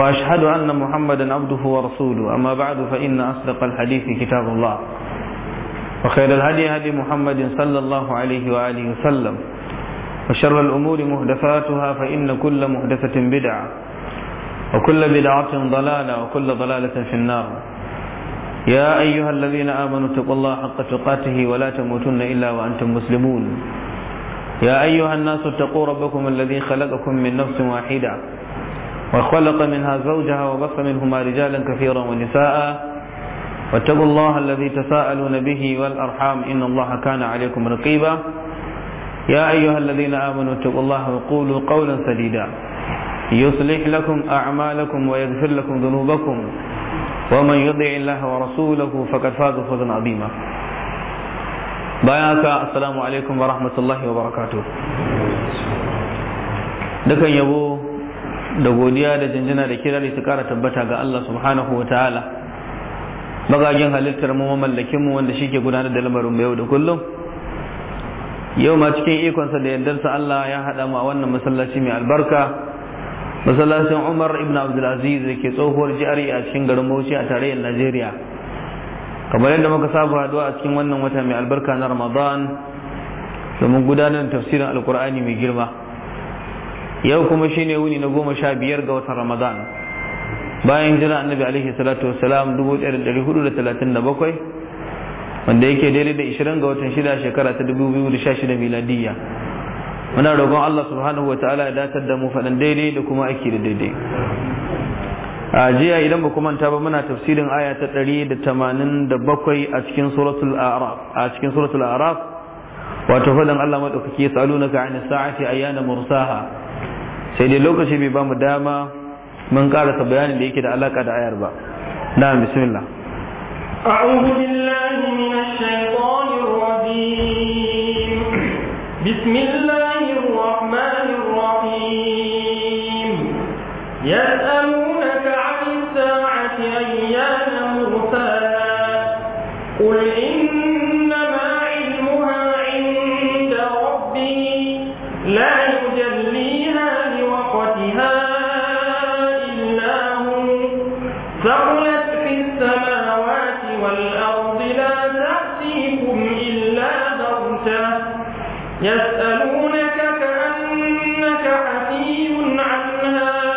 وأشهد أن محمدا عبده ورسوله أما بعد فإن أصدق الحديث كتاب الله وخير الهدي هدي محمد صلى الله عليه وآله وسلم وشر الأمور مهدفاتها فإن كل مهدفة بدعة وكل بدعة ضلالة وكل ضلالة في النار يا أيها الذين آمنوا اتقوا الله حق تقاته ولا تموتن إلا وأنتم مسلمون يا أيها الناس اتقوا ربكم الذي خلقكم من نفس واحدة وخلق منها زوجها وبث منهما رجالا كثيرا ونساء واتقوا الله الذي تساءلون به والأرحام إن الله كان عليكم رقيبا يا أيها الذين آمنوا اتقوا الله وقولوا قولا سديدا يصلح لكم أعمالكم ويغفر لكم ذنوبكم ومن يطع الله ورسوله فقد فاز فوزا عظيما بياك السلام عليكم ورحمة الله وبركاته دكان يبو da godiya da janjana da kirari su kara tabbata ga Allah subhanahu wa ta'ala magagin halittar mu mamallakin mu wanda shike gudanar da lamarin mu yau da kullum yau ma cikin ikonsa da yardarsa Allah ya haɗa mu a wannan masallaci mai albarka masallacin Umar ibn Abdul Aziz da ke tsohuwar GRA a cikin garin Bauchi a tarayyar Najeriya kamar yadda muka saba haduwa a cikin wannan wata mai albarka na Ramadan domin gudanar da tafsirin Alkur'ani mai girma yau kuma shi ne wuni na goma sha biyar ga watan ramadan bayan hijira annabi alaihi salatu wasalam bakwai. wanda yake daidai da ishirin ga watan shida shekara ta dubu biyu da sha 2016 miladiyya muna roƙon Allah subhanahu wa ta'ala ya datar da mu faɗan daidai da kuma aiki da daidai a jiya idan ba manta ba muna tafsirin aya ta 187 a cikin suratul a'raf a cikin suratul a'raf wato faɗin Allah madaukake yasalunaka 'anis sa'ati ayyana mursaha sai dai lokaci bai bamu dama mun karasa bayanin da yake da alaka da ayar ba na bismillah أعوذ بالله من الشيطان الرجيم بسم الله الرحمن الرحيم يسألونك عن الساعة أيان مرساه قل إن يسألونك كأنك حفي عنها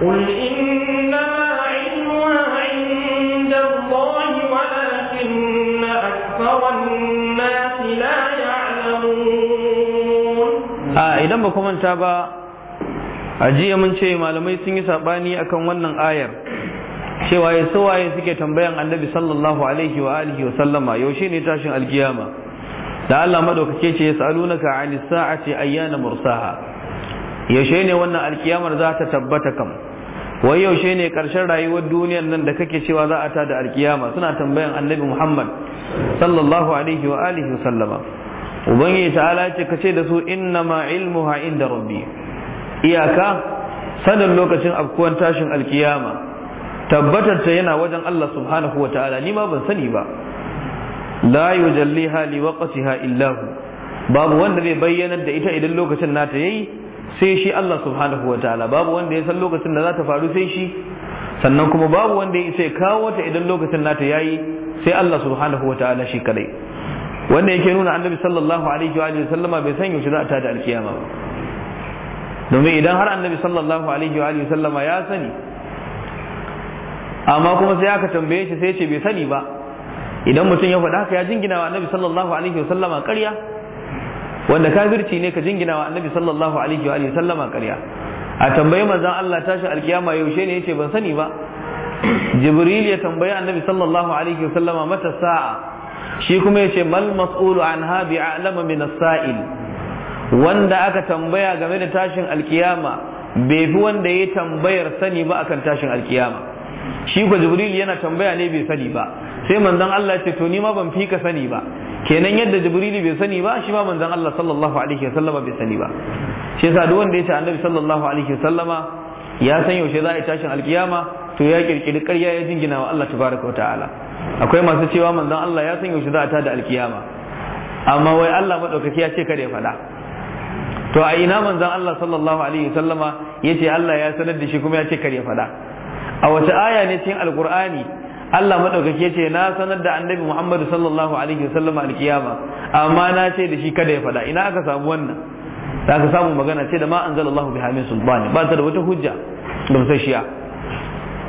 قل إنما علمها عند الله ولكن أكثر الناس لا يعلمون آه إذا ما كنت a mun ce malamai sun yi saɓani akan wannan ayar cewa ya suwaye suke tambayan annabi sallallahu alaihi wa alihi wa sallama yaushe ne tashin alkiyama da Allah madaukake ce yasalunaka anis sa'ati ayyana mursaha yaushe ne wannan alkiyamar za ta tabbata kam wai yaushe ne karshen rayuwar duniyar nan da kake cewa za a da alkiyama suna tambayan annabi Muhammad sallallahu alaihi wa alihi sallama ubangiji ta'ala ce kace da su innama ilmuha inda rabbi iyaka sanin lokacin afkuwan tashin alkiyama tabbatar ta yana wajen Allah subhanahu wa ta'ala ni ma ban sani ba la yujalliha li waqtiha illa hu babu wanda zai bayyana da ita idan lokacin nata yayi sai shi Allah subhanahu wa ta'ala babu wanda ya san lokacin da za ta faru sai shi sannan kuma babu wanda ya sai kawo ta idan lokacin nata yayi sai Allah subhanahu wa ta'ala shi kadai wanda yake nuna annabi sallallahu alaihi wa sallama bai san yaushe za ta da alkiyama ba domin idan har annabi sallallahu alaihi wa sallama ya sani amma kuma sai aka tambaye shi sai ce bai sani ba idan mutum ya faɗa haka ya jingina wa annabi sallallahu alaihi wa sallama ƙarya wanda kafirci ne ka jingina wa annabi sallallahu alaihi wa sallama ƙarya a tambayi manzon Allah tashi alkiyama yaushe ne yace ban sani ba jibril ya tambayi annabi sallallahu alaihi wa sallama mata sa'a shi kuma yace mal mas'ulu anha bi'alama min as-sa'il wanda aka tambaya game da tashin alkiyama bai fi wanda ya tambayar sani ba akan tashin alkiyama shi ko jibril yana tambaya ne bai sani ba sai manzon Allah ce to ni ma ban fi ka sani ba kenan yadda jibril bai sani ba shi ma manzon Allah sallallahu alaihi wasallama bai sani ba shi yasa duk wanda ya ce annabi sallallahu alaihi wasallama ya san yaushe za a yi tashin alkiyama to ya kirkiri ƙarya ya jingina wa Allah tabaraka ta'ala akwai masu cewa manzon Allah ya san yaushe za a tada alkiyama amma wai Allah madaukaki ya ce kada ya faɗa to a ina manzon Allah sallallahu alaihi wasallama yace Allah ya sanar da shi kuma ya ce kada ya faɗa a wace aya ne cikin alkur'ani Allah maɗaukaki ya ce na sanar da annabi Muhammad sallallahu alaihi wasallam alkiyama amma na ce da shi kada ya faɗa ina aka samu wannan da aka samu magana ce da ma anzalallahu biha min sultani. ba ta da wata hujja gamsashiya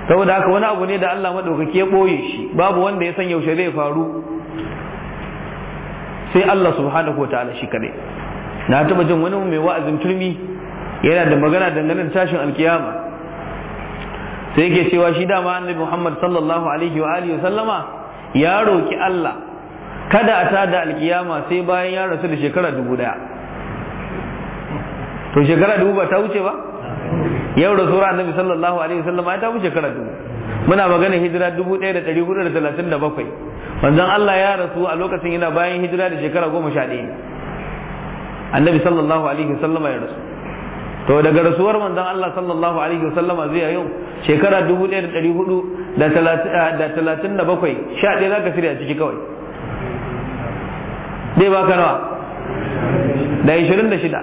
saboda haka wani abu ne da Allah maɗaukaki ya ɓoye shi babu wanda ya san yaushe zai faru sai Allah subhanahu wa ta'ala shi kadai na taɓa jin wani mai wa'azin turmi yana da magana dangane da tashin alkiyama sai ke cewa shi dama annabi Muhammad sallallahu alaihi wa alihi sallama ya roki Allah kada a tada alkiyama sai bayan ya rasu da shekara dubu daya to shekara dubu ba ta wuce ba yau rasuwar annabi sallallahu alaihi sallama ya ta wuce shekara dubu muna magana hijira dubu ɗaya da ɗari hudu da talatin da bakwai wanzan Allah ya rasu a lokacin yana bayan hijira da shekara goma sha ɗaya annabi sallallahu alaihi sallama ya rasu to daga rasuwar manzon Allah sallallahu alaihi wasallama zai yau shekara 1437 sha ɗaya za ka shirya ciki kawai zai baka nawa da 26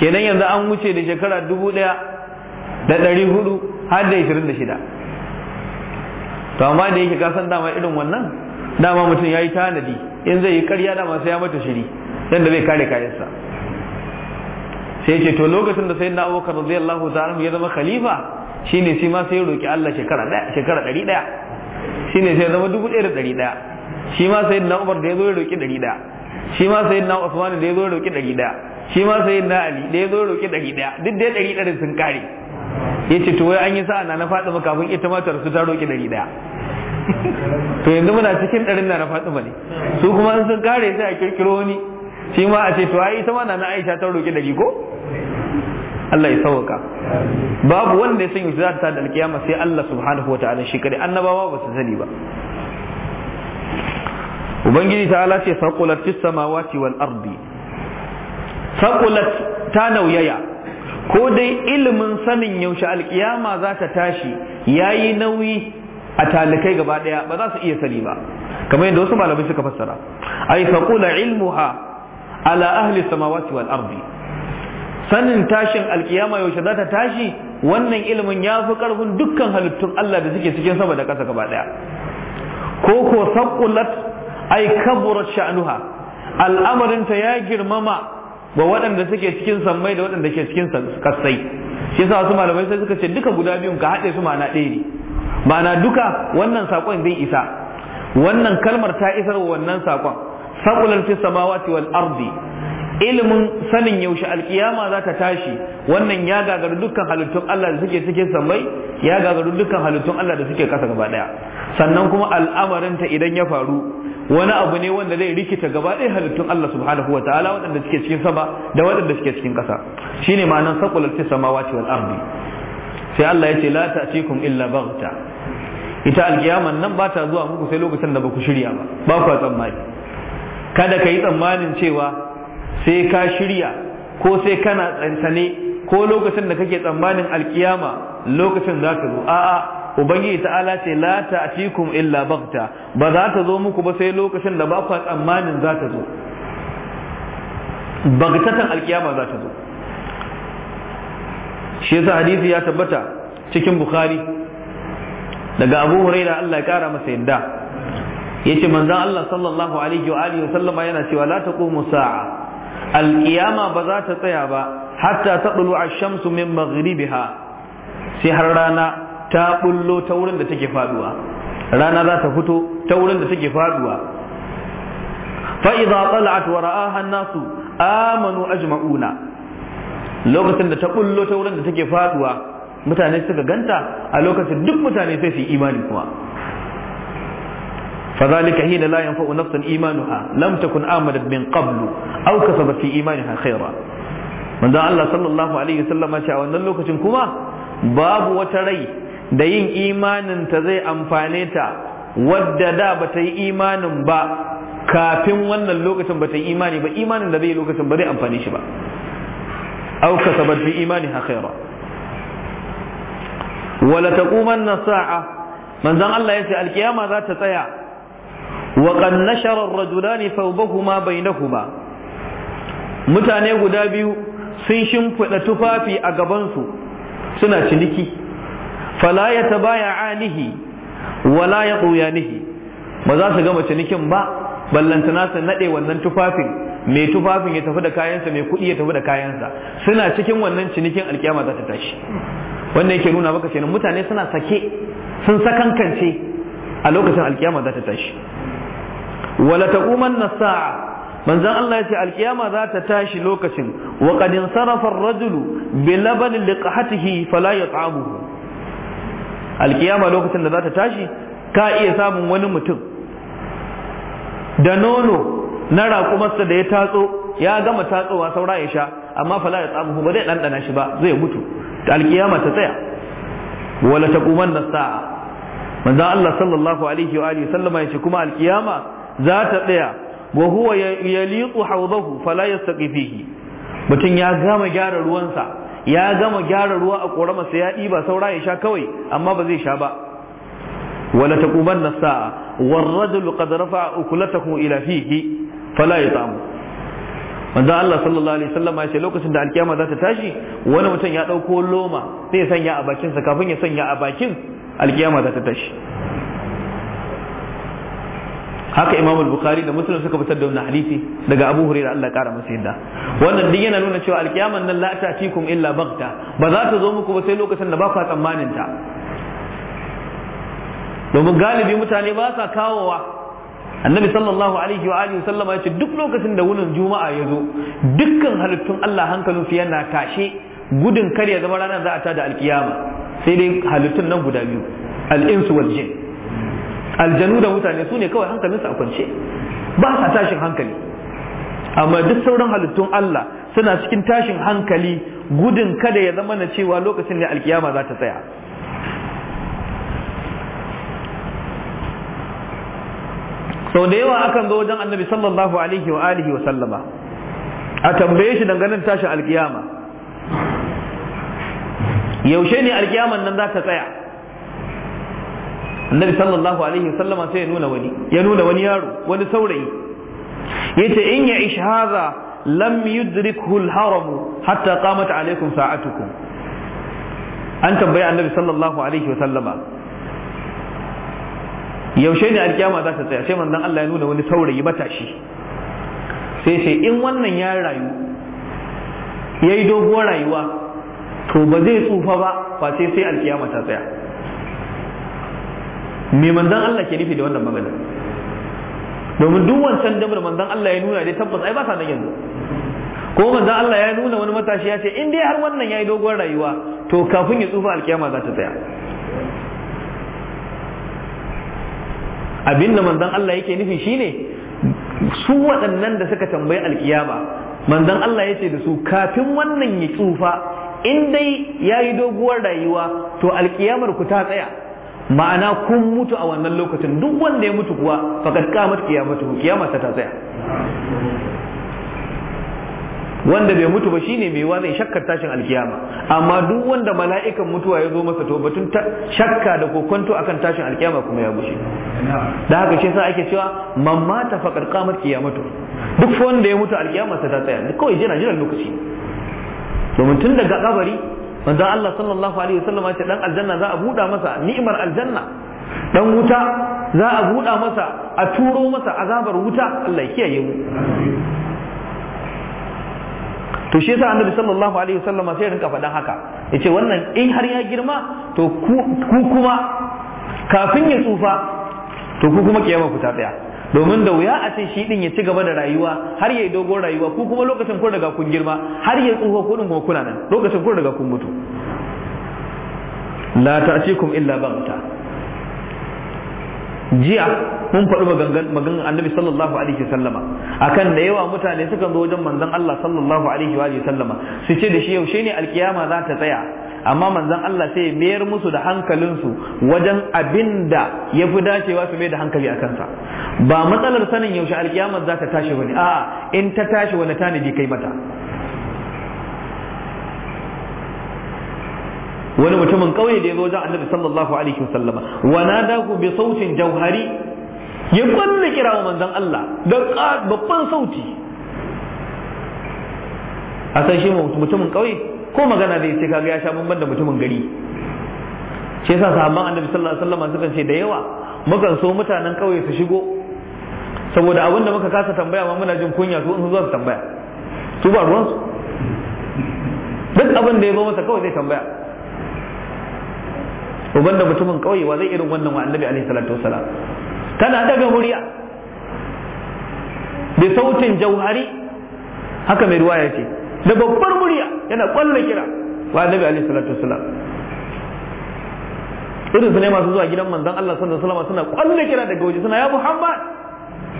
kenan yanzu an wuce da shekara 1400 har da 26 to amma da yake san dama irin wannan dama mutum ya yi tanadi in zai yi karya dama sai ya mata shiri yadda zai kare kayansa sai ce to lokacin da sayyidina abubakar radiyallahu ta'ala ya zama khalifa shine shi ma sai ya roki Allah shekara ɗaya shekara ɗari ɗaya shine sai ya zama dubu ɗaya da ɗari ɗaya shi ma sai na Umar da ya zo ya roki ɗari ɗaya shi ma sai na Usman da ya zo ya roki ɗari ɗaya shi ma sai na Ali da ya zo ya roki ɗari ɗaya duk ya ɗari ɗarin sun kare ya ce to wai an yi sa'a na na Fatima kafin ita ma ta rasu ta roki ɗari ɗaya to yanzu muna cikin ɗarin na na Fatima ne su kuma sun kare sai a kirkiro wani shi ma a ce to ai ita ma na na Aisha ta roki ɗari ko Allah ya sauka babu wanda ya san yaushe za ta da alkiyama sai Allah subhanahu wa ta'ala shi kare annabawa ba su sani ba ubangiji ta ala ce saqulat fis samawati wal ardi saqulat ta nauyaya ko dai ilimin sanin yaushe alkiyama za ta tashi yayi nauyi a talikai gaba daya ba za su iya sani ba kamar yadda wasu malamai suka fassara ay faqula ilmuha ala ahli samawati wal ardi sanin tashin alkiyama yaushe za ta tashi wannan ilimin ya fi karfin dukkan halittun Allah da suke cikin sama da ƙasa gaba ɗaya ko ko sabqulat ay kabura sha'nuha al'amarin ta ya girmama ga waɗanda suke cikin sammai da waɗanda ke cikin kasai shi yasa wasu malamai sai suka ce duka guda biyun ka haɗe su ma'ana ɗaya ne ma'ana duka wannan saƙon zai isa wannan kalmar ta isar wa wannan saƙon saqulat fi samawati wal ardi ilimin sanin yaushe alkiyama za ta tashi wannan ya gagaru dukkan halittun Allah da suke cikin sammai ya gagaru dukkan halittun Allah da suke kasa gaba daya sannan kuma al'amarin idan ya faru wani abu ne wanda zai rikita gaba ɗaya halittun Allah subhanahu wa ta'ala waɗanda suke cikin sama da waɗanda suke cikin ƙasa shine ma'anar saqulat fis samawati wal ardi sai Allah ya ce la ta'tikum illa baghta ita alkiyama nan ba ta zuwa muku sai lokacin da ba ku shirya ba ba ku tsammani kada ka yi tsammanin cewa sai ka shirya ko sai kana tsantsane ko lokacin da kake tsammanin alkiyama lokacin za ka zo a'a ubangiji ta'ala ce la ta'tikum illa baghta ba za ta zo muku ba sai lokacin da ba ku tsammanin za ta zo bagtatan alkiyama za ta zo shi yasa hadisi ya tabbata cikin bukhari daga abu huraira Allah ya kara masa yadda yace manzon Allah sallallahu alaihi wa alihi wa sallama yana cewa la taqumu sa'a alƙiyama ba za ta tsaya ba hatta ta ɗulu a shamsu min maghribiha sai har rana ta ɓullo ta wurin da take faduwa rana za ta fito ta wurin da take faduwa fa idza tala'at wa ra'aha an-nasu amanu ajma'una lokacin da ta ɓullo ta wurin da take faduwa mutane suka ganta a lokacin duk mutane sai su yi imani kuma فذلك حين لا ينفع نفسا إيمانها لم تكن آمنت من قبل أو كسبت في إيمانها خيرا من ذا الله صلى الله عليه وسلم شاء أن لوكة كما باب وتري دين إيمان تزي أنفانيتا وددا بتي إيمان با kafin wannan lokacin ba ta ba imanin da zai lokacin ba zai amfani shi ba au kasabat fi imani ha khaira wala sa'a manzon Allah yace alkiyama za ta tsaya وقد kuma bai ثوبهما ba. mutane guda biyu sun shimfiɗa tufafi a gabansu suna ciniki fala ya nihi, wa la ya nihi. ba za su gama cinikin ba ballantana su naɗe wannan tufafin mai tufafin ya tafi da kayansa mai kuɗi ya tafi da kayansa suna cikin wannan cinikin alkiyama za ta tashi wannan yake nuna maka kenan mutane suna sake sun sakankance a lokacin alkiyama za ta tashi wala ta taqumanna sa'a manzon Allah ya ce alkiyama za ta tashi lokacin wa qad insarafa ar-rajulu bi labani liqahatihi fala yat'amuhu alkiyama lokacin da za ta tashi ka iya samun wani mutum da nono na raƙumarsa da ya tatso ya gama tatsowa saura ya sha amma fala ya tsamu ba zai ɗanɗana shi ba zai mutu alkiyama ta tsaya wala ta taqumanna sa'a manzon Allah sallallahu alaihi wa sallama ya ce kuma alkiyama za ta tsaya wa huwa yaliqu hau fala yastaqi fihi mutum ya gama gyara ruwansa ya gama gyara ruwa a korama sai ya ɗiba saura ya sha kawai amma ba zai sha ba wala taqubanna sa'a warrajulu qad rafa'a ukulatahu ila fihi fala yatamu manzo Allah sallallahu alaihi wasallam ya ce lokacin da alkiyama za ta tashi wani mutum ya ɗauko loma sai ya sanya a bakinsa kafin ya sanya a bakin alkiyama za ta tashi haka imam bukhari da muslim suka fitar da wannan hadisi daga abu hurairah Allah kara masa yadda wannan duk yana nuna cewa alkiyaman nan la ta'tikum illa baghta ba za ta zo muku ba sai lokacin da ba ku tsammanin ta domin galibi mutane ba sa kawowa annabi sallallahu alaihi wa alihi sallama ya ce duk lokacin da wunin juma'a ya zo dukkan halittun Allah hankalin su yana tashe gudun kar ya zama ranar za a da alkiyama sai dai halittun nan guda biyu al-insu wal aljanu da mutane su ne kawai hankalinsu a kwance ba sa tashin hankali amma duk sauran halittun Allah suna cikin tashin hankali gudun kada ya zama na cewa lokacin ne alkiyama za ta tsaya sau da yawa akan zo wajen annabi sallallahu alaihi wa alihi wa sallama a tambaye shi dangane tashin alkiyama yaushe ne alkiyaman nan za ta tsaya annabi sallallahu alaihi wasallam sai ya nuna wani ya nuna wani yaro wani saurayi yace in ya ish hadha lam yudrikhu al-haram hatta qamat alaikum sa'atukum an tambaya annabi sallallahu alaihi wasallama yaushe ne alkiyama za ta tsaya sai manzon Allah ya nuna wani saurayi matashi sai sai in wannan ya rayu yayi doguwar rayuwa to ba zai tsufa ba face sai alkiyama ta tsaya me manzan Allah ke nufi da wannan magana domin duk wancan da manzan Allah ya nuna dai tabbas ai ba sa nan yanzu ko manzan Allah ya nuna wani matashi ya ce in dai har wannan yayi dogon rayuwa to kafin ya tsufa alkiyama za ta tsaya Abin da manzan Allah yake nufi shine su waɗannan da suka tambayi alkiyama manzan Allah ya ce da su kafin wannan ya tsufa in dai ya yi doguwar rayuwa to alkiyamar ku ta tsaya ma'ana kun mutu a wannan lokacin duk wanda ya mutu kuwa fakat kamat kiyamatu kiyama ta tsaya wanda bai mutu ba shine mai wazai shakkar tashin alkiyama amma duk wanda mala'ikan mutuwa ya zo masa to batun shakka da kokonto akan tashin alkiyama kuma ya gushe da haka shi yasa ake cewa man mata faqad qamat kiyamatu. duk wanda ya mutu alkiyama ta tsaya kawai jira jiran lokaci domin tun daga kabari manzon Allah sallallahu alaihi wasallam ce dan aljanna za a buɗa masa ni'imar aljanna dan wuta za a buɗa masa a turo masa azabar wuta Allah ya kiyaye mu to shi yasa annabi sallallahu alaihi wasallam sai rinka faɗan haka yace wannan in har ya girma to ku kuma kafin ya tsufa to ku kuma kiyama ku ta tsaya domin da wuya a ce shi din ya ci gaba da rayuwa har yayi dogon rayuwa ku kuma lokacin kun daga kun girma har ya tsuho ko din kuma kuna nan lokacin kun daga kun mutu la ta'tikum illa baghta jiya mun faɗi maganganun annabi sallallahu alaihi wasallama akan da yawa mutane sukan zo wajen manzon Allah sallallahu alaihi wa su ce da shi yaushe ne alkiyama za ta tsaya amma manzon Allah sai mayar musu da hankalinsu wajen abin da ya fi dacewa su mai da hankali a kansa ba matsalar sanin yaushe alkiyama za ta tashi wani a'a in ta tashi wani tanadi kai mata wani mutumin kauye da ya zo wajen annabi sallallahu alaihi wasallama wa nadahu bi sautin jauhari ya kwalla kira wa manzon Allah da babban sauti a san shi mutumin kauye ko magana zai ce kaga ya sha bamban da mutumin gari shi yasa sahabban annabi sallallahu alaihi wasallam sukan ce da yawa muka so mutanen kauye su shigo saboda abin da muka kasa tambaya ma muna jin kunya su in zo su tambaya su ba ruwan su duk abin da ya zo masa kawai zai tambaya uban da mutumin kauye wa zai irin wannan wa annabi alaihi salatu wasalam tana daga murya da sautin jauhari haka mai ruwa ya ce da babbar murya yana kwalla kira wa annabi alaihi salatu wasalam irin su ne masu zuwa gidan manzon Allah sallallahu alaihi wasallam suna kwalla kira daga waje suna ya Muhammad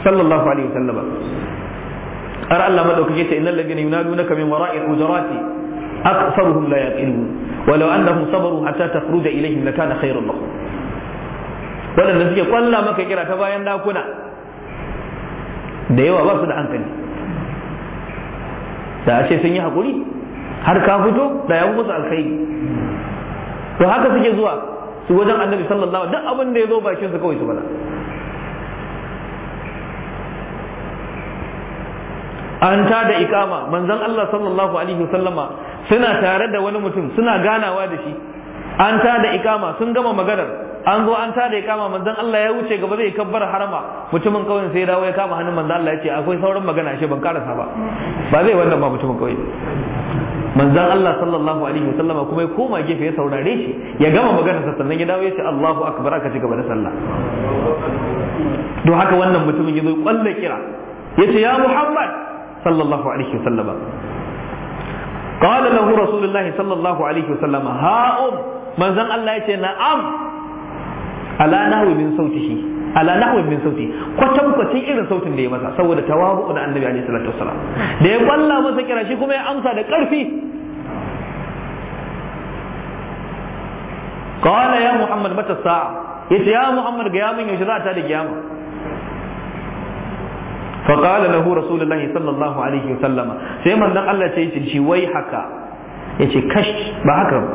sallallahu alaihi wasallam ar Allah madaukake ta innal ladina yunadunaka min wara'i al-hujurati aktharuhum la yaqilun walau annahum sabaru hatta takhruja ilayhim lakana khayrun lahum waɗanda suke kwalla maka kira ta bayan dakuna da yawa ba su da hankali da a ce sun yi hakuri har ka fito da ya musu alkhairi to haka suke zuwa su wajen annabi sallallahu duk abin da ya zo bakin su kawai su bada an ta da ikama manzon Allah sallallahu alaihi wasallama suna tare da wani mutum suna ganawa da shi an ta da ikama sun gama maganar an zo an ta da ikama manzon Allah ya wuce gaba zai kabbara harama mutumin kauyen sai dawo ya kama hannun manzon Allah ya ce akwai sauran magana shi ban karasa ba ba zai wannan ba mutumin kauye manzon Allah sallallahu alaihi wasallama kuma ya koma gefe ya saurare shi ya gama maganar sa sannan ya dawo ya ce Allahu akbar aka ci gaba da sallah don haka wannan mutumin ya zo kwalla kira ya ce ya Muhammad sallallahu alaihi wasallama قال له رسول الله صلى الله عليه وسلم ها أم Manzan Allah yace na'am ala nahwi min sautihi ala nahwi min sauti kwatan kwatan irin sautin da ya masa saboda tawabu da annabi alaihi salatu wasalam da ya kwalla masa kira shi kuma ya amsa da karfi qala ya muhammad mata sa'a yace ya muhammad ga yamin yaushe za ta da kiyama fa qala lahu rasulullahi sallallahu alaihi wasallama sai manzon Allah ya ce shi wai haka yace kash ba haka ba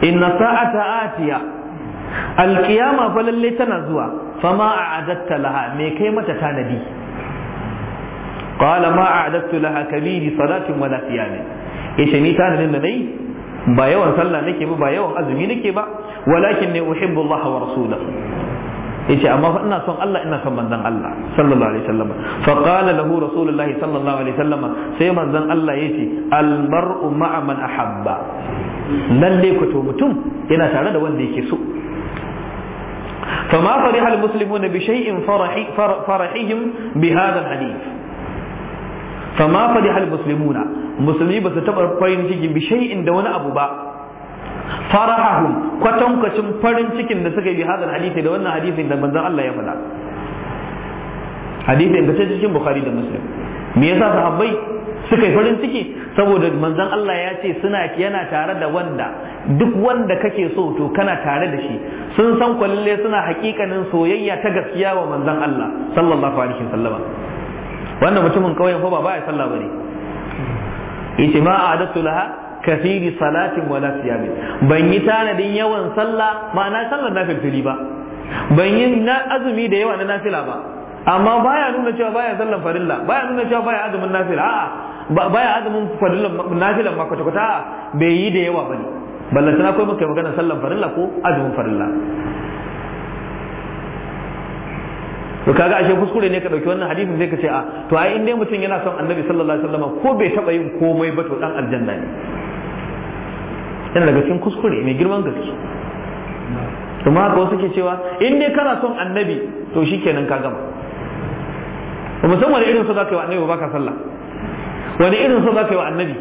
inna sa'ata atiya alkiyama fa lalle tana zuwa fa fama a'adatta laha me kai mata tanadi qala ma a'adattu laha kabiri salatin wala ne yace ni tanadin da nayi ba yawan sallah nake ba ba yawan azumi nake ba walakin ne uhibbu Allah wa rasulahu yace amma fa ina son Allah ina son manzon Allah sallallahu alaihi wasallam fa qala lahu rasulullah sallallahu alaihi wasallam sai manzon Allah yace al mar'u ma'a man ahabba lalle ku to mutum yana tare da wanda yake so فما فرح المسلمون بشيء فرح فرحهم بهذا الحديث فما فرح المسلمون مسلمي بس تبقى فرين تيجي بشيء دون أبو با فرحهم كتم كتم فرين تيجي نسكي بهذا الحديث دون حديث إن من الله يفعل حديث إن كتم بخاري مسلم me yasa sahabbai suka yi farin ciki saboda manzon Allah ya ce suna yana tare da wanda duk wanda kake so to kana tare da shi sun san kwalle suna hakikanin soyayya ta gaskiya wa manzon Allah sallallahu alaihi wasallam wannan mutumin kauyen fa ba ya sallah bane yace ma a'adatu laha kafiri salatin wala siyami ban yi tanadin yawan sallah ma'ana sallar nafilfili ba ban yi na azumi da yawa na nafila ba amma baya nuna cewa baya sallan farilla baya nuna cewa baya azumin nafila a'a baya azumin fadilan nafilan ma kwata kwata bai yi da yawa bane ballantana kai muka magana sallan farilla ko azumin farilla to kaga ashe kuskure ne ka dauki wannan hadisin sai ka ce a to ai in dai mutum yana son annabi sallallahu alaihi wasallam ko bai taba yin komai ba to dan aljanna ne yana daga cikin kuskure mai girman gaske To haka wasu ke cewa in dai kana son annabi to shikenan ka gama musamman irin su zaka yi wa annabi ka sallah wani irin so za ka yi wa annabi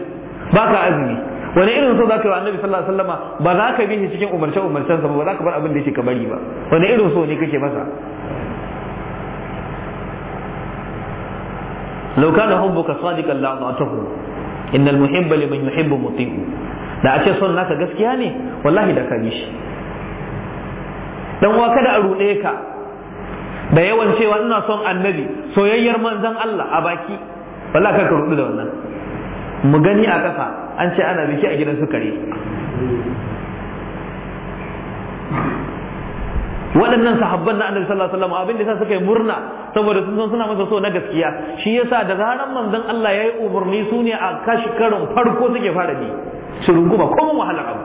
ba ka azumi wani irin so za ka yi wa annabi sallallahu alaihi wasallama ba za ka bi shi cikin umarce umarcensa ba ba za ka bar abin da yake ka bari ba wani irin so ne kake masa لو كان حبك صادقا لاطعته ان المحب لمن يحب مطيع da a ce son naka gaskiya ne wallahi da ka bi shi dan wa kada a ruɗe ka da yawan cewa ina son annabi soyayyar manzon Allah a baki wallahi kar ka rudu da wannan mu gani a ƙasa an ce ana biki a gidan sukari waɗannan sahabban na annabi sallallahu alaihi wasallam abin da yasa suka yi murna saboda sun san suna masa so na gaskiya shi yasa da zaran manzon Allah yayi umurni su ne a kashi karin farko suke fara bi su runguma ko mun wahala abu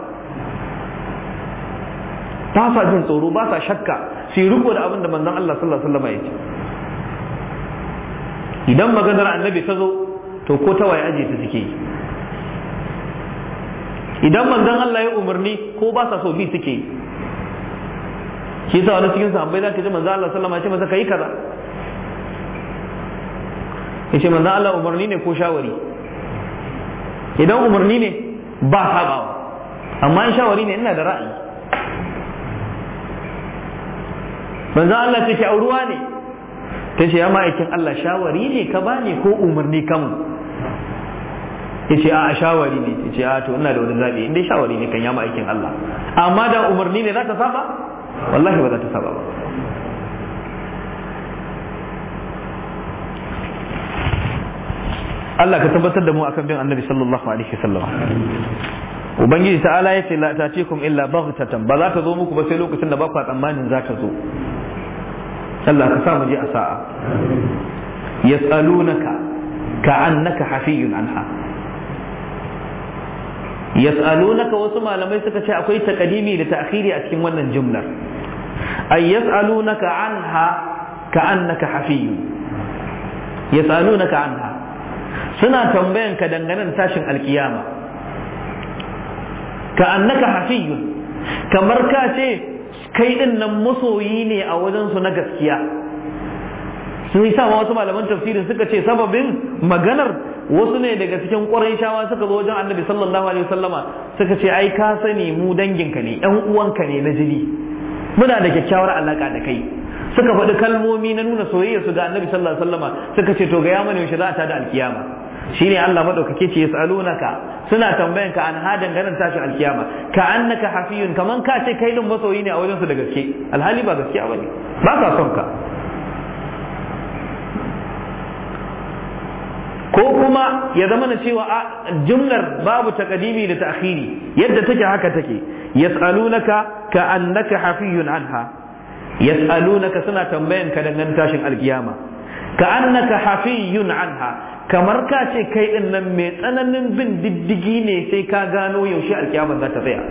ba sa jin tsoro ba sa shakka su yi riko da abin da manzon Allah sallallahu alaihi wasallam ya ce idan maganar annabi ta zo to ko ta waye aje ta suke idan manzon Allah ya umarni ko ba sa so bi suke shi yasa wani cikin sahabbai zaka ji manzon Allah sallama ya ce masa kai kaza ya ce manzon Allah umarni ne ko shawari idan umarni ne ba sabawa amma in shawari ne ina da ra'ayi manzon Allah ce ki auruwa ne ta ce ya ma'aikin Allah shawari ne ka bani ko umarni kamu ya ce a shawari ne ya ce a to ina da wani zaɓi inda shawari ne kan ya ma'aikin Allah amma da umarni ne za ta saba wallahi ba za ta saba ba Allah ka tabbatar da mu akan bin annabi sallallahu alaihi wasallam ubangiji ta'ala ya ce la tatikum illa baghtatan ba za ta zo muku ba sai lokacin da ba ku tsammanin za ka zo Allah ka sa mu je a sa'a yas'alunaka ka annaka hafiyun anha yas'alunaka wasu malamai suka ce akwai takadimi da ta'khiri a cikin wannan jumlar ay yas'alunaka anha ka annaka hafiyun yas'alunaka anha suna tambayan ka dangane da tashin alkiyama ka annaka hafiyun kamar ka ce kai din nan masoyi ne a wajensu na gaskiya sun yi sama wasu malaman tafsirin suka ce sababin maganar wasu ne daga cikin shawa suka zo wajen annabi sallallahu alaihi wasallama suka ce ai ka sani mu danginka ne ƴan uwanka ne na jini muna da kyakkyawar alaka da kai suka faɗi kalmomi na nuna soyayya su ga annabi sallallahu alaihi wasallama suka ce to ga ya mana yaushe za a da alkiyama shine Allah madaukake ce yasalunaka suna tambayan ka an hadan ganin tashin alkiyama ka annaka hafiyun kaman ka ce kai din masoyi ne a wajen su da gaske alhali ba gaskiya bane ba ka son ka ko kuma ya zama na cewa a jumlar babu takadimi da ta'khiri yadda take haka take yasalunaka ka annaka hafiyun anha yasalunaka suna tambayan ka dangane tashin alkiyama ka annaka hafiyun anha kamar ka ce kai ɗin nan mai tsananin bin diddigi ne sai ka gano yaushe alkiyama za ta tsaya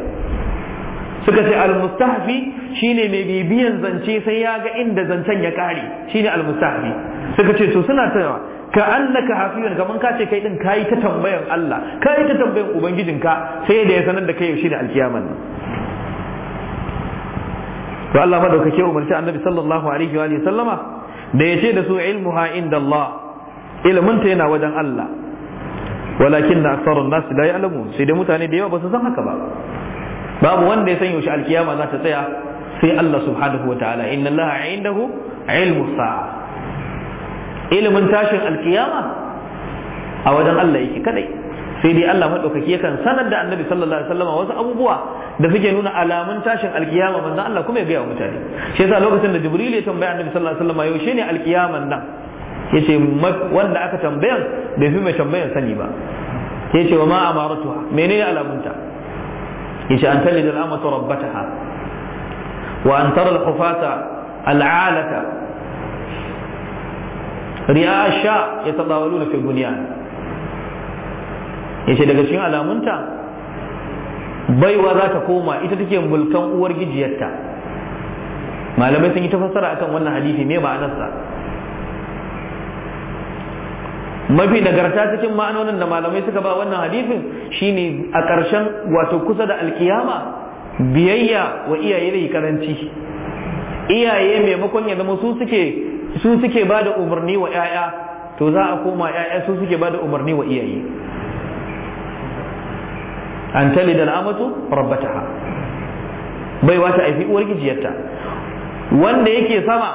suka ce almustahfi shine mai bibiyan zance sai ya ga inda zancen ya kare shine almustahfi suka ce to suna tsayawa ka annaka hafiyun kaman ka ce kai ka kayi ta tambayan Allah kayi ta tambayan ubangijinka sai da ya sanar da kai yaushe da alkiyaman nan to Allah madaukake umarci annabi sallallahu alaihi wa sallama da ya ce da su ilmuha inda Allah iliminta yana wajen Allah walakin na aksarun nasu la alamu, sai dai mutane da yawa ba su san haka ba babu wanda ya san yaushe alkiyama za ta tsaya sai Allah subhanahu wa ta'ala inna Allah indahu ilmu sa'a ilimin tashin alkiyama a wajen Allah yake kadai sai dai Allah madaukaki yakan sanar da Annabi sallallahu alaihi wasallam wasu abubuwa da suke nuna alamun tashin alkiyama manzo Allah kuma ya ga mutane shi yasa lokacin da Jibril ya tambaya Annabi sallallahu alaihi wasallam yaushe ne alkiyaman nan yace wanda aka tambayan bai fi mai tambayan sani ba yace wa ma amaratuha menene alamunta yace an talida al'amatu rabbataha wa an tara al-hufata al'alata ri'a sha na fi bunyan yace daga cikin alamunta baiwa za ta koma ita take mulkan uwar gijiyarta malamai sun yi ta akan wannan hadisi me ba ma'anarsa mafi nagarta cikin ma'anonin da malamai suka ba wannan hadisin shine a ƙarshen wato kusa da alkiyama biyayya wa iyaye da karanci iyaye maimakon ya zama su suke su suke ba da umarni wa 'ya'ya to za a koma 'ya'ya su suke ba da umarni wa iyaye an tali da al'amatu rabbataha bai wata aifi uwar gijiyarta wanda yake sama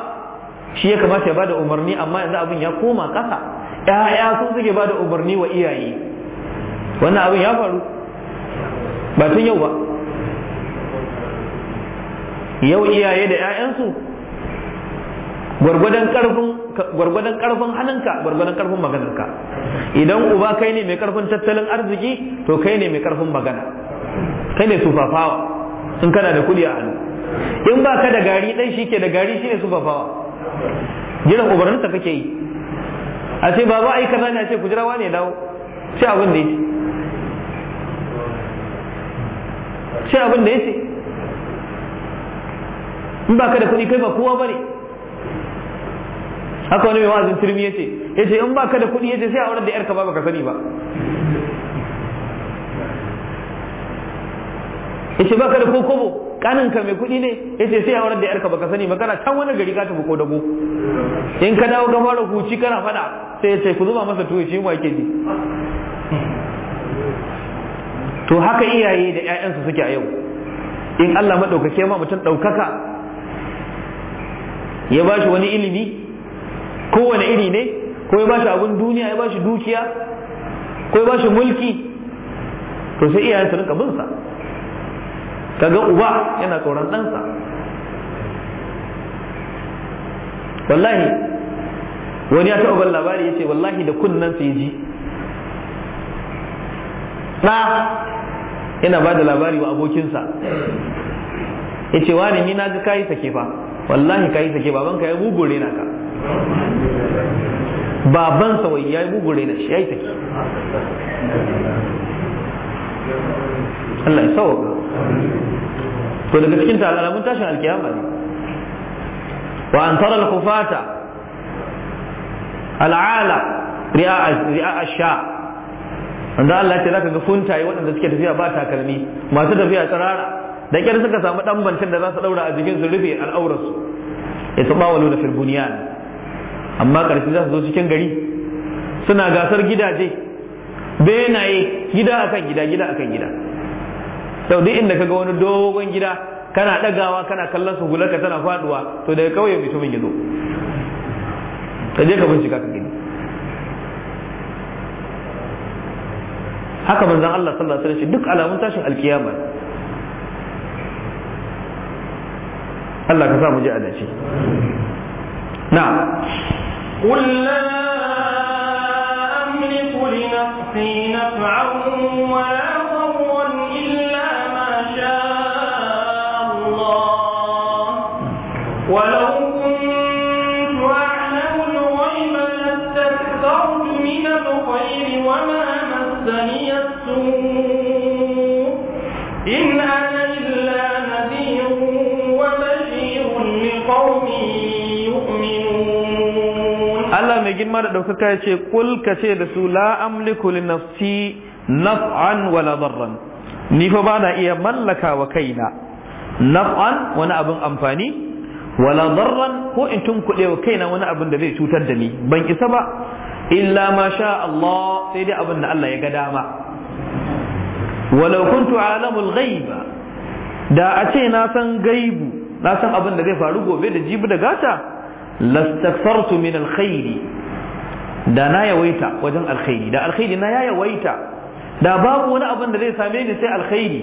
shi ya kamata ya ba da umarni amma yanzu abin ya koma ƙasa 'ya'ya sun suke ba da umarni wa iyaye wannan abin ya faru ba tun yau ba yau iyaye da 'ya'yansu gwargwadon karfin hannunka gwargwadon karfin maganarka idan uba kai ne mai karfin tattalin arziki to kai ne mai karfin magana kai ne sufafawa in kana da kudi a hannu in ba ka da gari ɗan shi ke da gari shi ne sufafawa jiran ubarinsa kake yi a ce ba ba a yi kaza ne a ce ku jira wane dawo sai abin da ya ce sai abin da ya ce in ba ka da kuɗi kai ba kowa ba ne haka wani mai wa'azin turmi ya ce ya ce in ba ka da kuɗi ya ce sai a wurin da yarka ba ka sani ba ya ce ba ka da kokobo kaninka mai kuɗi ne ya ce sai aurar da yarka ka sani ba kana can wani gari ka tafi ko dago in ka dawo ka fara huci kana fada sai ce ku zuba masa tuwo shi mu ake ji to haka iyaye da ƴaƴansu suke a yau in Allah madaukake ma mutum ɗaukaka? ya ba shi wani ilimi kowane iri ne ko ya ba shi abun duniya ya ba shi dukiya ko ya ba shi mulki to sai iyayen su rinka bin sa kaga uba yana tsoron ɗansa wallahi wani ya taɓa ban labari ya ce wallahi da kunnan sai ji ɗa yana ba da labari wa abokinsa ya ce wani ni na ga kayi sake fa wallahi kayi sake babanka ya gugure na ka babansa wai ya yi gugure na shi ya yi sake Allah ya sauka to daga cikin ta alamun tashin alkiyama ne wa an tara al-kufata al'ala ri'a sha wanda Allah ce zaka ga funtaye waɗanda suke tafiya ba takalmi masu tafiya tsirara da kyar suka samu dan bantan da za su daura a jikin su rufe al'aurarsu ya tabawalu da fil bunyan amma karshe za su zo cikin gari suna gasar gidaje benaye gida akan gida gida akan gida sau duk inda kaga wani dogon gida kana dagawa kana kallon su ka tana faduwa to daga kauye mutumin ya zo ka je ka bincika ka gani haka manzon Allah sallallahu alaihi wasallam duk alamun tashin alkiyama Allah ka sa mu ji adaci na'am قل لا أملك لنفسي نفعا ولا ضرا إلا ما شاء الله ولو Allah mai girma da ɗaukaka ya ce, Kul ka ce da su la’am likuli nafsi naf'an wala zarran, ni fa ba na iya mallaka wa kaina naf'an wani abin amfani, wala zarran ko in tun kuɗe kaina wani abin da zai cutar da ni, ban isa ba. illa ma sha Allah sai dai abin da Allah ya ga dama walau kuntu alamul ghaiba da a ce na san gaibu na san abin da zai faru gobe da jibi da gata lastafartu min alkhairi da na yawaita wajen alkhairi da alkhairi na ya yawaita da babu wani abin da zai same ni sai alkhairi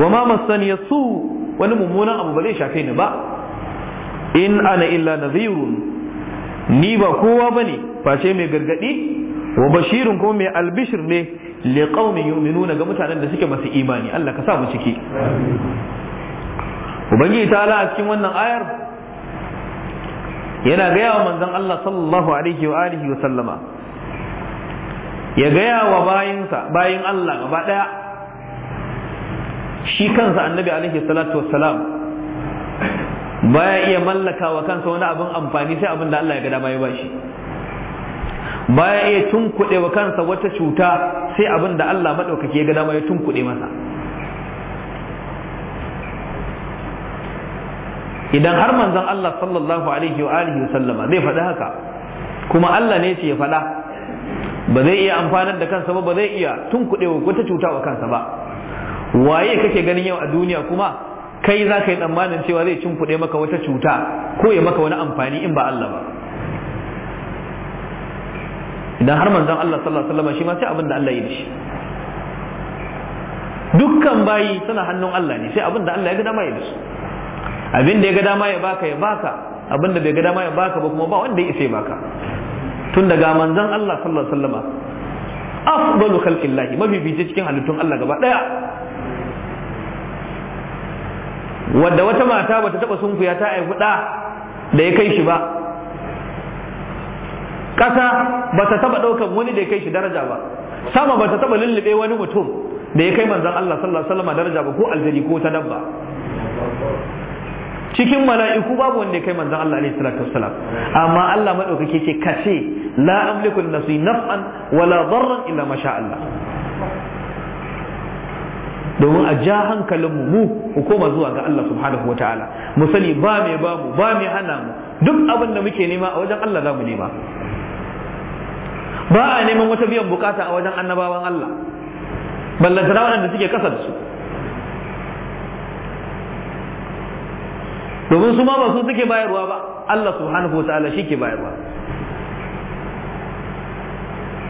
wa ma masani yasu wani mummunan abu ba zai shafe ni ba in ana illa nadhirun ni ba kowa bane face mai gargadi wa bashirin kuma mai albishir ne li qaumin yu'minuna ga mutanen da suke masu imani Allah ka sa mu ciki ubangiji ta a cikin wannan ayar yana gaya wa manzon Allah sallallahu alaihi wa alihi wa sallama ya gaya wa bayinsa bayin Allah gaba daya shi kansa annabi alaihi salatu wassalam baya iya mallaka wa kansa wani abin amfani sai abin da Allah ya ga dama ya bashi baya iya tunkuɗe wa kansa wata cuta sai abin da Allah maɗaukaki ya ga dama ya tunkuɗe masa idan har manzon Allah sallallahu alaihi wa alihi wa sallama zai faɗi haka kuma Allah ne ce ya faɗa ba zai iya amfanar da kansa ba ba zai iya tunkuɗe wata cuta wa kansa ba waye kake ganin yau a duniya kuma kai za ka yi tsammanin cewa zai cin maka wata cuta ko ya maka wani amfani in ba Allah ba idan har manzon Allah sallallahu alaihi wasallam shi ma sai abin da Allah ya yi shi dukkan bayi suna hannun Allah ne sai abin da Allah ya ga dama ya dasu abin da ya ga dama ya baka ya baka abin da bai ga dama ya baka ba kuma ba wanda ya isa baka tun daga manzon Allah sallallahu alaihi wasallam afdalu khalqillah mafifici cikin halittun Allah gaba daya wanda wata mata bata taba sunkuya ta aifi da ya kai shi ba ƙasa ba ta taɓa ɗaukan wani da ya kai shi daraja ba sama ba ta taɓa lullube wani mutum da ya kai manzan Allah sallallahu alaihi wasallam daraja ba ko aljari ko ta dabba cikin mala'iku babu wanda ya kai manzan Allah alaihi salatu wassalam amma Allah madaukake ce kace la amliku nafsi naf'an wala dharran illa ma sha Allah domin a ja hankalinmu mu mu koma zuwa ga Allah subhanahu mu sani ba mai ba mu ba mai hana mu duk abin da muke nema a wajen Allah za mu nema ba a neman wata biyan bukata a wajen annabawan Allah na waɗanda suke ƙasa da su domin su ma ba su suke bayarwa ba Allah subhanahu wa ta'ala shi ke bayarwa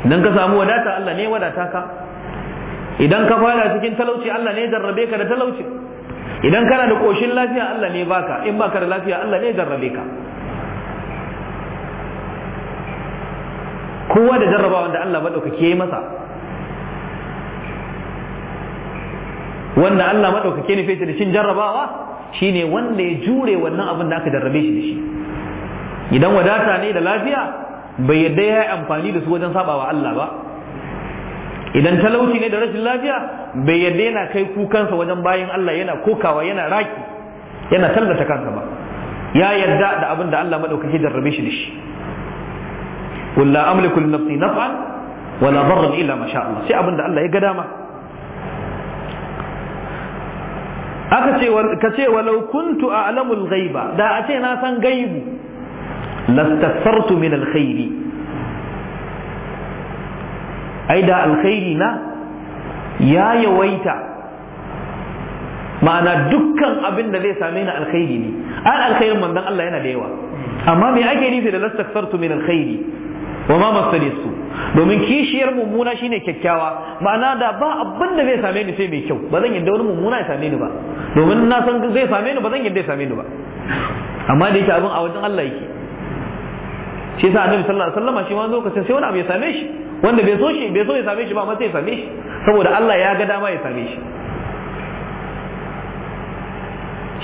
idan ka samu wadata Allah ne wadata ka idan ka fara cikin talauci Allah ne jarrabe ka da talauci idan kana da ƙoshin lafiya Allah ne baka in baka da lafiya Allah ne jarrabe ka kowa da jarrabawa wanda Allah maɗaukake ya yi masa wanda Allah maɗaukake ne fesa da jarrabawa shine wanda ya jure wannan abin da aka jarrabe shi da shi idan wadata ne da lafiya bai yadda ya yi amfani da su wajen sabawa Allah ba idan talauci ne da rashin lafiya bai yadda yana kai kukansa wajen bayan Allah yana kokawa yana raki yana tallata kansa ba ya yarda da abin da Allah maɗaukake jarrabe shi da shi qul la amliku li nafsi naf'an wala darran illa ma sha Allah sai abinda Allah ya ga dama ka ce walau kuntu a'lamul ghaiba da a na san gaibu lastafartu min alkhairi da alkhairi na ya yawaita ma'ana dukkan abin da zai same ni alkhairi ne an alkhairin manzon Allah yana da yawa amma me ake nufi da lastafartu min alkhairi wa ma masani su domin kishiyar mummuna shine kyakkyawa ma'ana da ba abin da zai same ni sai mai kyau ba zan yadda wani mummuna ya same ni ba domin na san zai same ni ba zan yadda ya same ni ba amma da yake abin a wajen Allah yake shi yasa annabi sallallahu alaihi wasallam shi ma lokacin sai wani abu ya same shi wanda bai so shi bai so ya same shi ba amma sai ya same shi saboda Allah ya ga dama ya same shi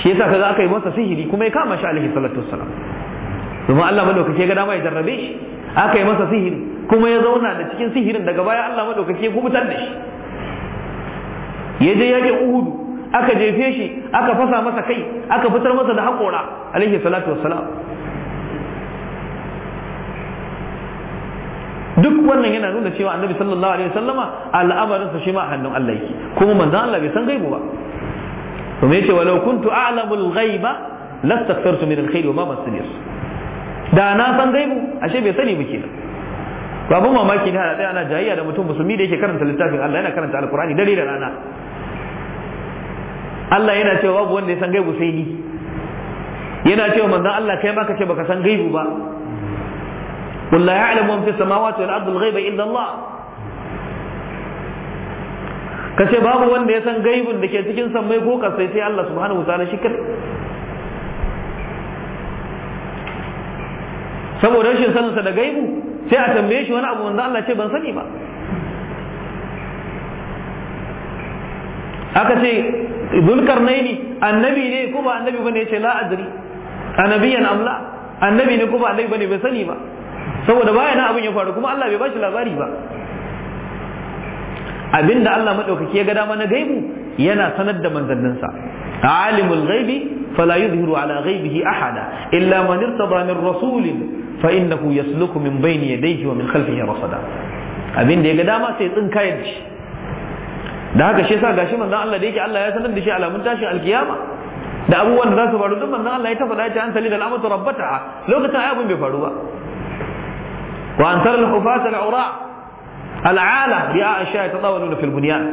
shi yasa kaga aka yi masa sihiri kuma ya kama shi alaihi salatu wasallam domin Allah madaukake ya ga dama ya jarrabe shi aka yi masa sihiri kuma ya zauna da cikin sihirin daga baya Allah madaukaki ya kubutar da shi ya je yakin uhudu aka jefe shi aka fasa masa kai aka fitar masa da haƙora alaihi salatu wassalam duk wannan yana nuna cewa annabi sallallahu alaihi wasallama al'amarin sa shi ma hannun Allah yake kuma manzo Allah bai san gaibu ba to me yace walau kuntu alamul al-ghaiba lastaghfartu min al wa ma masniyas da na san gaibu ashe bai sani ba kenan to abin mamaki ne ana tsaya ana jayayya da mutum musulmi da yake karanta littafin Allah yana karanta alkurani dare da rana Allah yana cewa babu wanda ya san gaibu sai ni yana cewa manzon Allah kai ma kace baka san gaibu ba qul la ya'lamu man fi samawati wal ardi al-ghaiba illa kace babu wanda ya san gaibun da ke cikin sammai ko kasai sai Allah subhanahu wa ta'ala shi kadai saboda rashin saninsa da gaibu sai a tambaye shi wani abu wanda Allah ce ban sani ba aka ce zulkarnaini annabi ne ko ba annabi bane ce la adri annabiyan amla annabi ne ko ba annabi bane bai sani ba saboda baya na abin ya faru kuma Allah bai bashi labari ba abinda Allah madaukaki ya ga dama na gaibu yana sanar da manzanninsa alimul gaibi fala yuzhiru ala gaibihi ahada illa man irtada min rasulin fa innahu yasluku min bayni yadayhi wa min khalfihi rasada abin da ya ga dama sai tsinka ya ci da haka shi yasa gashi manzon Allah da yake Allah ya sanar da shi alamun tashin alkiyama da abubuwan da za su faru duk manzon Allah ya ta faɗa ta an salida al'amatu rabbata lokacin ayabun bai faru ba wa an tara al-hufata al-ura al'ala bi aisha yatadawaluna fil bunyan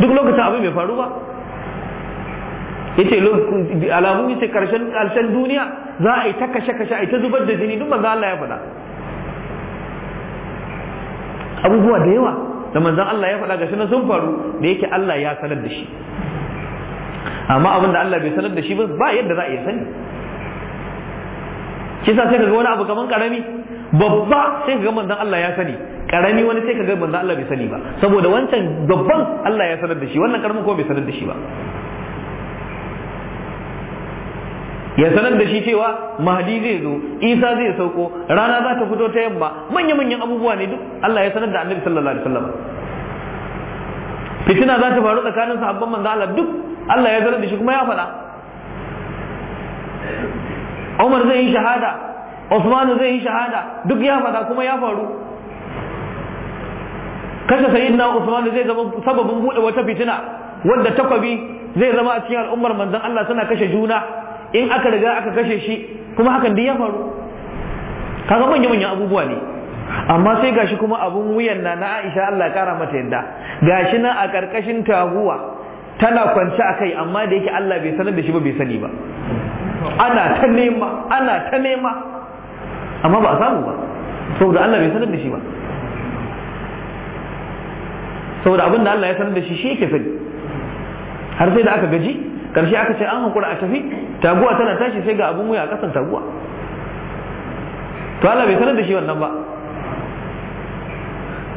duk lokacin abin bai faru ba yace alamun yace karshen karshen duniya za a yi ta kashe kashe a yi ta zubar da jini duk manzo Allah ya faɗa abubuwa da yawa da manzo Allah ya faɗa gashi na sun faru da yake Allah ya sanar da shi amma abin da Allah bai sanar da shi ba ba yadda za a yi sani kisa sai kaga wani abu kaman karami babba sai kaga manzo Allah ya sani karami wani sai kaga manzo Allah bai sani ba saboda wancan babban Allah ya sanar da shi wannan karamin kuma bai sanar da shi ba ya sanar da shi cewa mahdi zai zo isa zai sauko rana za ta fito ta yamma manya manyan abubuwa ne duk Allah ya sanar da annabi sallallahu alaihi wasallam fitina za ta faru tsakanin sahabban manzo Allah duk Allah ya sanar da shi kuma ya faɗa Umar zai yi shahada Usman zai yi shahada duk ya faɗa kuma ya faru kashe sayyidina Usman zai zama sababin bude wata fitina wanda takwabi zai zama a cikin al'ummar manzon Allah suna kashe juna in aka riga aka kashe shi kuma hakan duk ya faru kaga manya manyan abubuwa ne amma sai gashi kuma abun wuyan na na Aisha Allah ya kara mata yadda gashi na a karkashin taguwa tana kwance a kai amma da yake Allah bai sanar da shi ba bai sani ba ana ta nema ana ta nema amma ba a samu ba saboda Allah bai sanar da shi ba saboda abin da Allah ya sanar da shi shi yake sani har sai da aka gaji karshe aka ce an hankura a tafi taguwa tana tashi sai ga abin wuya a kasan taguwa to Allah bai sanar da shi wannan ba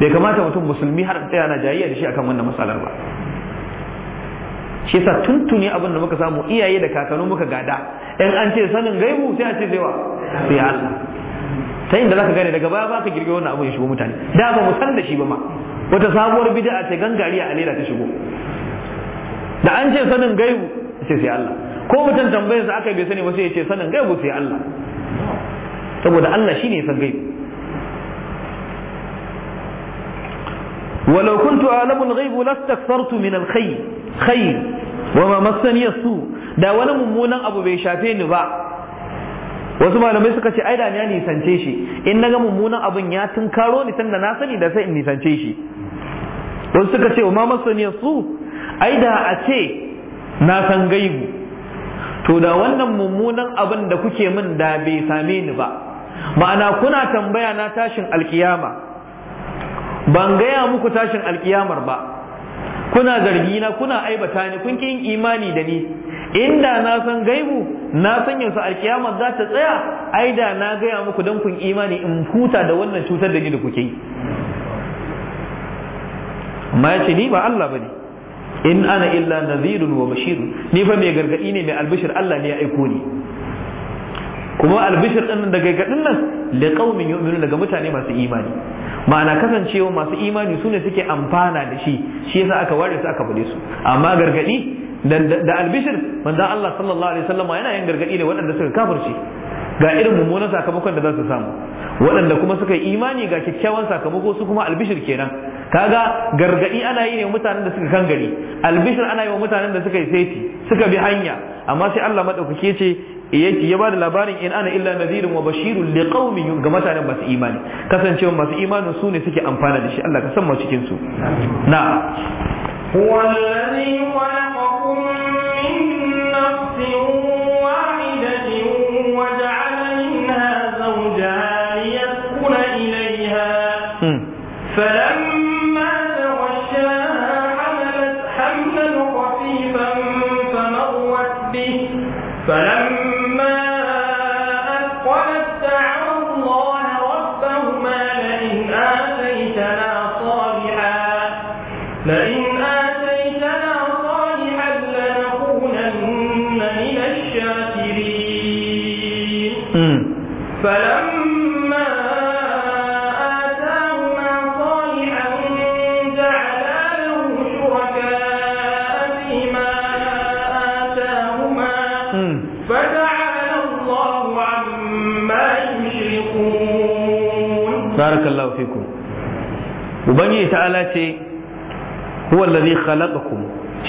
bai kamata mutum musulmi har tsaya na jayayya da shi akan wannan matsalar ba shi sa tuntuni abin da muka samu iyaye da kakanni muka gada in an ce sanin gaibu sai a ce sai wa sai Allah sai inda zaka gane daga baya baka girge wannan abin ya shigo mutane da ba mu san da shi ba ma wata sabuwar bid'a ce gangariya a leda ta shigo da an ce sanin gaibu ce sai Allah ko mutum tambayar sa aka bai sani ba sai ya ce sanin gaibu sai Allah saboda Allah shine ya san gaibu ولو كنت أعلم الغيب لاستكثرت من الخير خير وما مسني السوء da wani mummunan abu bai shafe ni ba wasu malamai suka ce ai da na nisance shi in na ga mummunan abun ya tunkaro ni tunda na sani da sai in nisance shi wasu suka ce wa ma masaniya su ai da a ce na san gaibu to da wannan mummunan abin da kuke min da bai same ni ba ma'ana kuna tambaya na tashin alkiyama ban gaya muku tashin alkiyamar ba kuna zargi na kuna aibata ni kun kin imani da ni inda na san gaibu na san yanzu alkiyamar za ta tsaya ai da na gaya muku don kun imani in huta da wannan cutar da ni da kuke yi amma ya ce ni ba Allah bane in ana illa nazirun wa bashirun ni fa mai gargadi ne mai albishir Allah ne ya aiko ni kuma albishir din da gargadin nan li qaumin yu'minuna daga mutane masu imani ma'ana kasancewa masu imani sune ne suke amfana da shi shi yasa aka ware su aka bude su amma gargadi da albishir manzo Allah sallallahu alaihi wasallam yana yin gargadi ne waɗanda suka kafirce ga irin mummunan sakamakon da za su samu waɗanda kuma suka yi imani ga kyakkyawan sakamako su kuma albishir kenan kaga gargadi ana yi ne mutanen da suka kan gari albishir ana yi wa mutanen da suka yi saiti suka bi hanya amma sai Allah madaukake ce eh, yake ya bada labarin in ana illa nadhirun wa bashirun liqaumin ga mutanen masu imani kasancewa masu imani su ne suke amfana da shi Allah ka san mu cikin su na huwallazi khalaqakum min nafsin فلم barakallahu fikum ubangiji ta'ala ce huwa allazi khalaqakum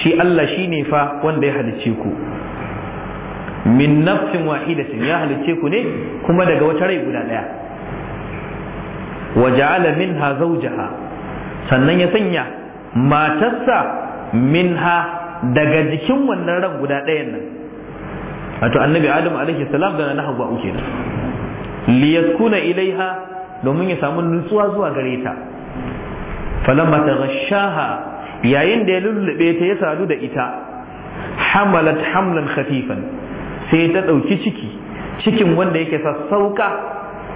shi Allah shine fa wanda ya halicce ku min nafsin wahidatin ya halicce ku ne kuma daga wata rai guda daya wa ja'ala minha zawjaha sannan ya sanya matarsa minha daga jikin wannan ran guda ɗayan nan wato annabi adam alaihi salam da na hawa uke liyaskuna ilaiha domin ya samu nutsuwa zuwa gare ta falamma taghashaha yayin da ya lullube ta ya sadu da ita hamalat hamlan khafifan sai ta dauki ciki cikin wanda yake sassauka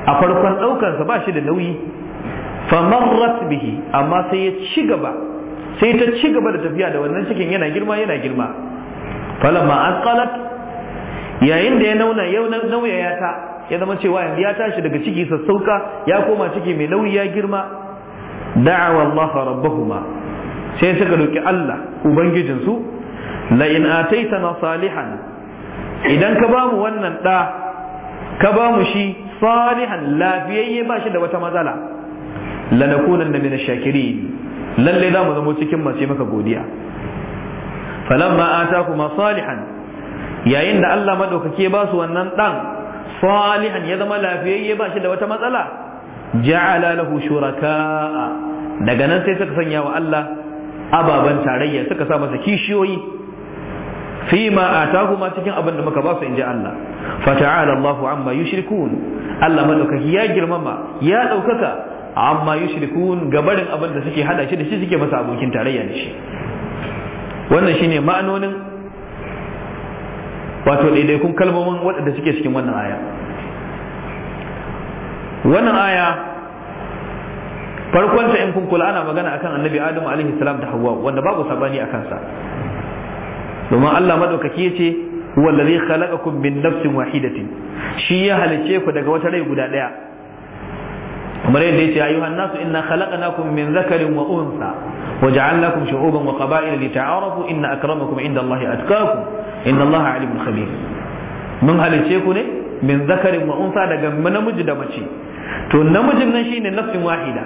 a farkon daukar sa bashi da nauyi famarrat bihi amma sai ya ci gaba sai ta ci gaba da tafiya da wannan cikin yana girma yana girma falamma asqalat yayin da ya nauna ya ta ya zama cewa yanzu ya tashi daga ciki sassauka ya koma ciki mai nauyi ya girma da'awa Allah rabbahuma sai suka roki Allah ubangijinsu la in ataitana salihan idan ka bamu wannan da ka bamu shi salihan lafiyayye ba shi da wata matsala lanakunanna min ash-shakirin lalle za mu zama cikin masu maka godiya falamma ataakum salihan yayin da Allah madaukake ba su wannan dan salihan ya zama lafiyayye ba shi da wata matsala ja'ala lahu shuraka. daga nan sai suka sanya wa Allah ababan tarayya suka sa masa kishiyoyi fi ma atahu ma cikin abin da muka ba su inji Allah fa ta'ala Allah amma yushrikun Allah madaukaki ya girmama ya daukaka amma yushrikun gabarin abin da suke hada shi da shi suke masa abokin tarayya da shi wannan shine ma'anonin wato daidaikun kalmomin waɗanda suke cikin wannan aya wannan aya farkonta in kun kula ana magana akan annabi adamu alaihi salam da hawa wanda babu sabani a kansa domin allah maɗaukaki ya ce huwa alladhi khalaqakum min nafsin wahidatin shi ya halice ku daga wata rai guda ɗaya kamar yadda yace ayyuhan nasu inna khalaqnakum min zakarin wa unsa wa ja'alnakum shu'uban wa qaba'ila lita'arafu inna akramakum inda Allahi atqakum inna Allaha alimun khabir mun halice ku ne min zakarin wa unsa daga namiji da mace to namijin nan shine nafsin wahida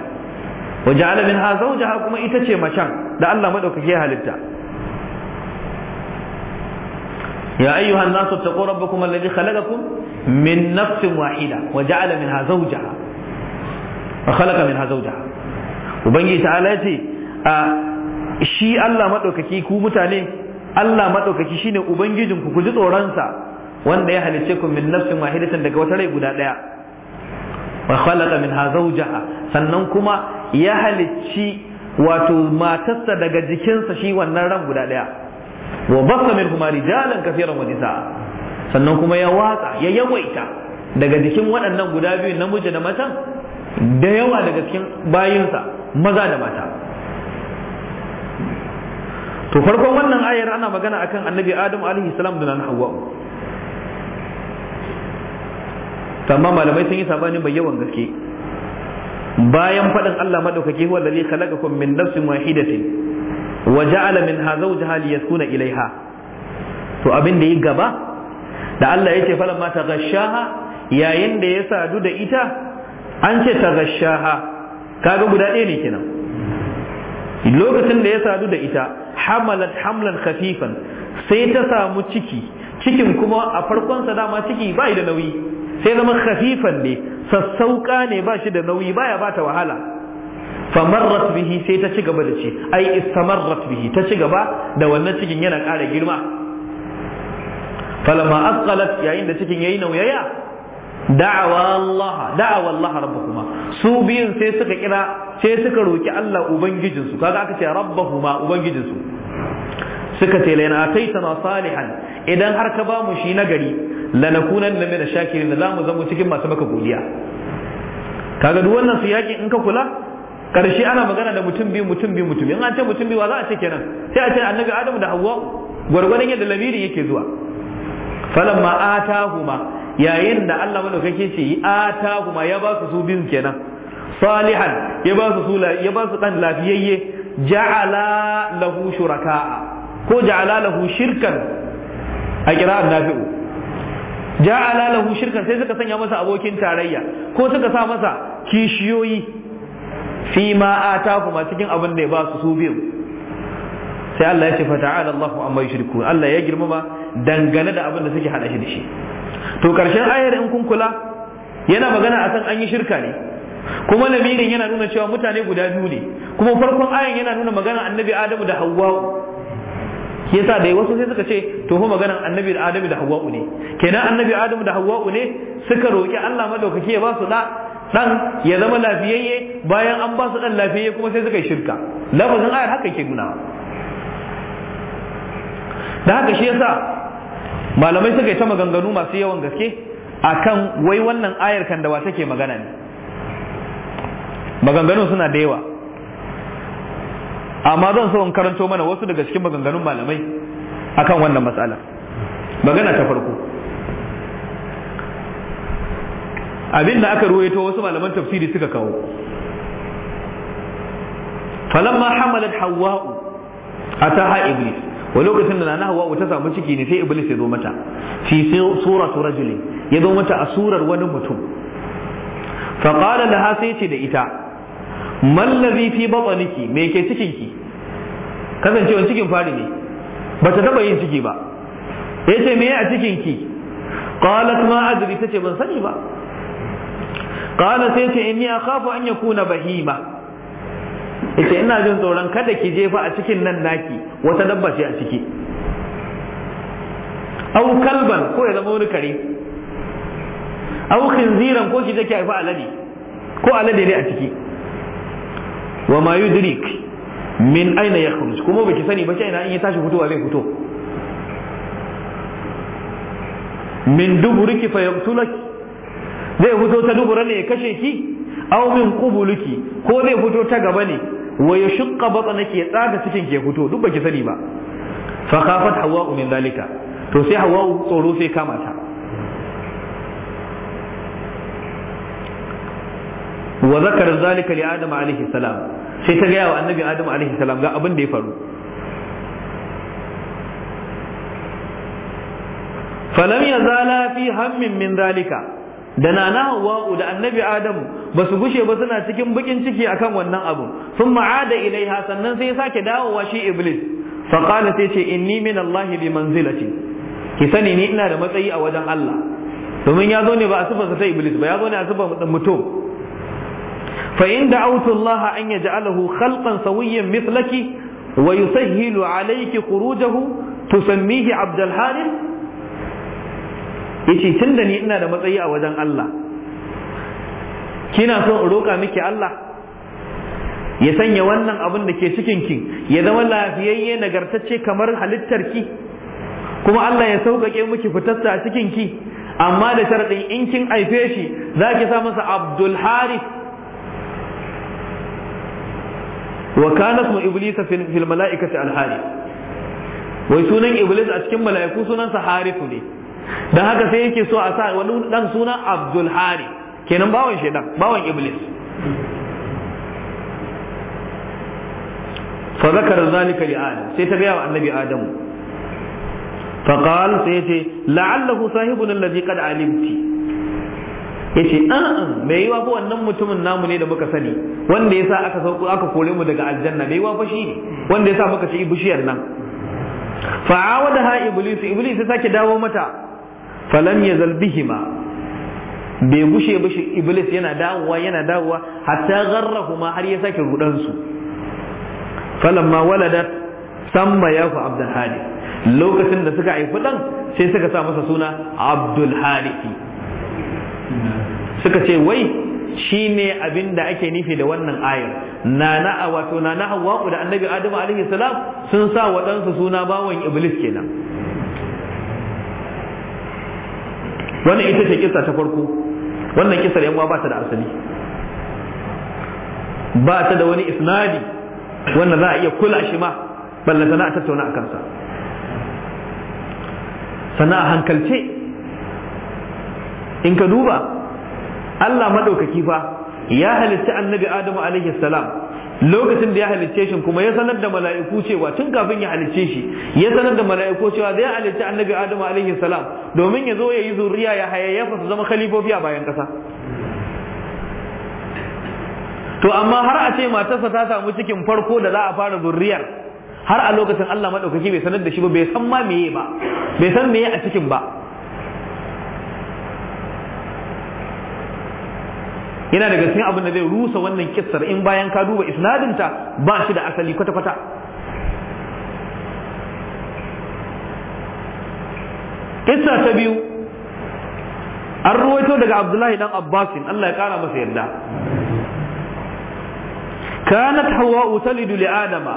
wa ja'ala minha zawjaha kuma ita ce macen da Allah madaukake ya halitta يا أيها الناس اتقوا ربكم الذي خلقكم من نفس واحدة وجعل منها زوجها wa khalaqa min hazauta ubangiji ta'ala yace a shi Allah madaukaki ku mutane Allah madaukaki shine ubangijin ku ku ji tsoron sa wanda ya halice ku min nafsin wahidatan daga wata rai guda daya wa khalaqa min hazaujaha sannan kuma ya halicci wato matarsa daga jikinsa shi wannan ran guda daya wa basa min kuma rijalan kafiran wa sannan kuma ya watsa ya yawaita daga jikin waɗannan guda biyu namiji da matan da yawa daga cikin bayinsa maza da mata to farkon wannan ayar ana magana akan annabi adam alaihi salam da nan hawa amma malamai sun yi sabanin bai yawan gaske bayan faɗin Allah madaukake huwa lalli khalaqakum min nafsin wahidatin wa ja'ala minha zawjaha liyaskuna ilaiha to abin da yi gaba da Allah yake falan mata gashaha yayin da ya sadu da ita an ce ta gashaha kaga guda ɗaya ne kenan lokacin da ya sadu da ita hamalat hamlan khafifan sai ta samu ciki cikin kuma a farkon sa dama ciki ba da nauyi sai zama khafifan ne sassauka ne ba shi da nauyi baya ba ta wahala famarrat bihi sai ta ci gaba da ci ai istamarrat bihi ta ci gaba da wannan cikin yana ƙara girma falamma asqalat yayin da cikin yayi nauyaya da'awa Allah da'awa Allah rabbahuma su biyun sai suka kira sai suka roki Allah ubangijinsu kaga aka ce rabbahuma ubangijinsu suka ce lana ataitana salihan idan har ka bamu shi nagari lanakunanna min shakirin za mu zama cikin masu maka godiya kaga duk wannan su yaki in ka kula karshe ana magana da mutum biyu mutum biyu mutum in an ce mutum biyu wa za a ce kenan sai a ce annabi Adamu da hawa gwargwadon yadda Lamiri yake zuwa falamma atahuma yayin da Allah madaukake ce ata kuma ya ba su su biyu kenan salihan ya ba su ya ba su dan lafiyayye ja'ala lahu shuraka'a ko ja'ala lahu shirkan a kira'an nafi'u ja'ala lahu shirkan sai suka sanya masa abokin tarayya ko suka sa masa kishiyoyi fi ma ata kuma cikin abin da ya ba su su biyu sai Allah ya ce fata'ala Allahu amma yushrikun Allah ya girmama dangane da abin da suke hada shi da shi to karshen ayar in kun kula yana magana a san an yi shirka ne kuma lamirin yana nuna cewa mutane guda biyu ne kuma farkon ayan yana nuna magana annabi adamu da hawwa'u yasa da wasu sai suka ce to ho magana annabi da adamu da hawwa'u ne kenan annabi adamu da hawwa'u ne suka roki Allah madaukaki ya ba su da dan ya zama lafiyayye bayan an ba su dan lafiyayye kuma sai suka yi shirka lafazin ayar haka yake nuna da haka shi yasa malamai suka yi ta maganganu masu yawan gaske a kan wai wannan ayar kan da wa take magana ne maganganun suna da yawa amma zan so in karanto mana wasu daga cikin maganganun malamai akan wannan matsala magana ta farko abin da aka ruwaito wasu malaman tafsiri suka kawo falamma hamalat hawwa'u ataha iblis wa lokacin da nana hawa ta samu ciki ne sai iblis ya zo mata fi sura su rajuli ya zo mata wani mutum fa qala laha sai ce da ita man fi batniki me ke cikin ki cikin fari ne bata taba yin ciki ba yace me a cikin ki qalat ma adri ban sani ba ce an bahima ita ina jin tsoron kada ki jefa a cikin nan naki wata dabba ce a ciki Au kalban ko ya zama wani kare au khinziran ko ki take haifa alade ko alade ne a ciki wa ma yudrik min aina yakhruj kuma baki sani ba ina in ya tashi fitowa zai fito min duburiki fa yaqtulaki zai fito ta duburan ne ya kashe ki aw min qubuluki ko zai fito ta gaba ne wa ya shukka batsana ke tsaga cikin ke fito duk baki sani ba fa khafat hawa'u min zalika to sai hawa'u tsoro sai kama ta wa zakara zalika li adam alaihi salam sai ta gaya wa annabi adam alaihi salam ga abin da ya faru falam yazala fi hammin min zalika da nana hawa'u da annabi adamu ba su gushe ba suna cikin bakin ciki akan wannan abu sun ma'ada ilaiha sannan sai sake dawowa shi iblis faqala sai ce inni minallahi allahi bi manzilati ki sani ni ina da matsayi a wajen Allah domin ya zo ne ba a sifarsa ta iblis ba ya zo ne a sifar mutum fa in da'awtu Allah an yaj'alahu khalqan sawiyyan mithlaki wa yusahhilu alayki khurujahu tusammihi abdul halim yace tunda ni ina da matsayi a wajen Allah kina so in roƙa miki Allah ya sanya wannan abin da ke cikin ki ya zama lafiyayye nagartacce kamar halittar ki kuma Allah ya sauƙaƙe miki fitarsa a cikin ki amma da sharadin in kin aife shi zaki sa masa Abdul Harith wa kana ismu iblisa fil mala'ikati al harith wai sunan iblis a cikin mala'iku sunansa harith ne Don haka sai yake so a sa wani dan suna Abdul Hari kenan bawan shedan bawan iblis fa zakara zalika li adam sai ta gaya wa annabi adam fa qal sai yace la'allahu sahibun alladhi qad alimti yace a'a mai yiwa fa wannan mutumin namu ne da muka sani wanda yasa aka sauko aka kore mu daga aljanna mai yiwa fa shi ne wanda yasa muka ci bishiyar nan fa awadaha iblis iblis sai sake dawo mata falam ya zalbihima bai gushe ba shi iblis yana dawowa yana dawowa hatta garrahuma har ya sake rudan su falamma walada samma yafu abdul hadi lokacin da suka haifi dan sai suka sa masa suna abdul hadi suka ce wai shi ne abin ake nufi da wannan ayar nana a wato nana hawa'u da annabi adamu alaihi salam sun sa wa suna bawan iblis kenan wannan ita ce kisa ta farko wannan kisar yan ba ta da asali ba ta da wani isnadi wanda za a iya kula shi ma ballanta na a tattauna a kansa sannan a hankalce in ka duba Allah maɗaukaki fa ya halitta annabi Adamu alaihi salam lokacin da ya halicce shi kuma ya sanar da mala'iku cewa tun kafin ya halicce shi ya sanar da mala'iku cewa zai halicci annabi adamu alaihi salam domin ya zo ya yi zuriya ya hayayyafa su zama khalifofi a bayan ƙasa to amma har a ce matarsa ta samu cikin farko da za a fara zuriyar har a lokacin Allah maɗaukaki bai sanar da shi ba bai san ma meye ba bai san meye a cikin ba yana daga cikin abin da zai rusa wannan kissar in bayan ka duba isnadinta ba shi da asali kwata-kwata kissa ta biyu an ruwaito daga abdullahi dan abbasin allah ya kara masa yarda kanat hawa'u talidu li adama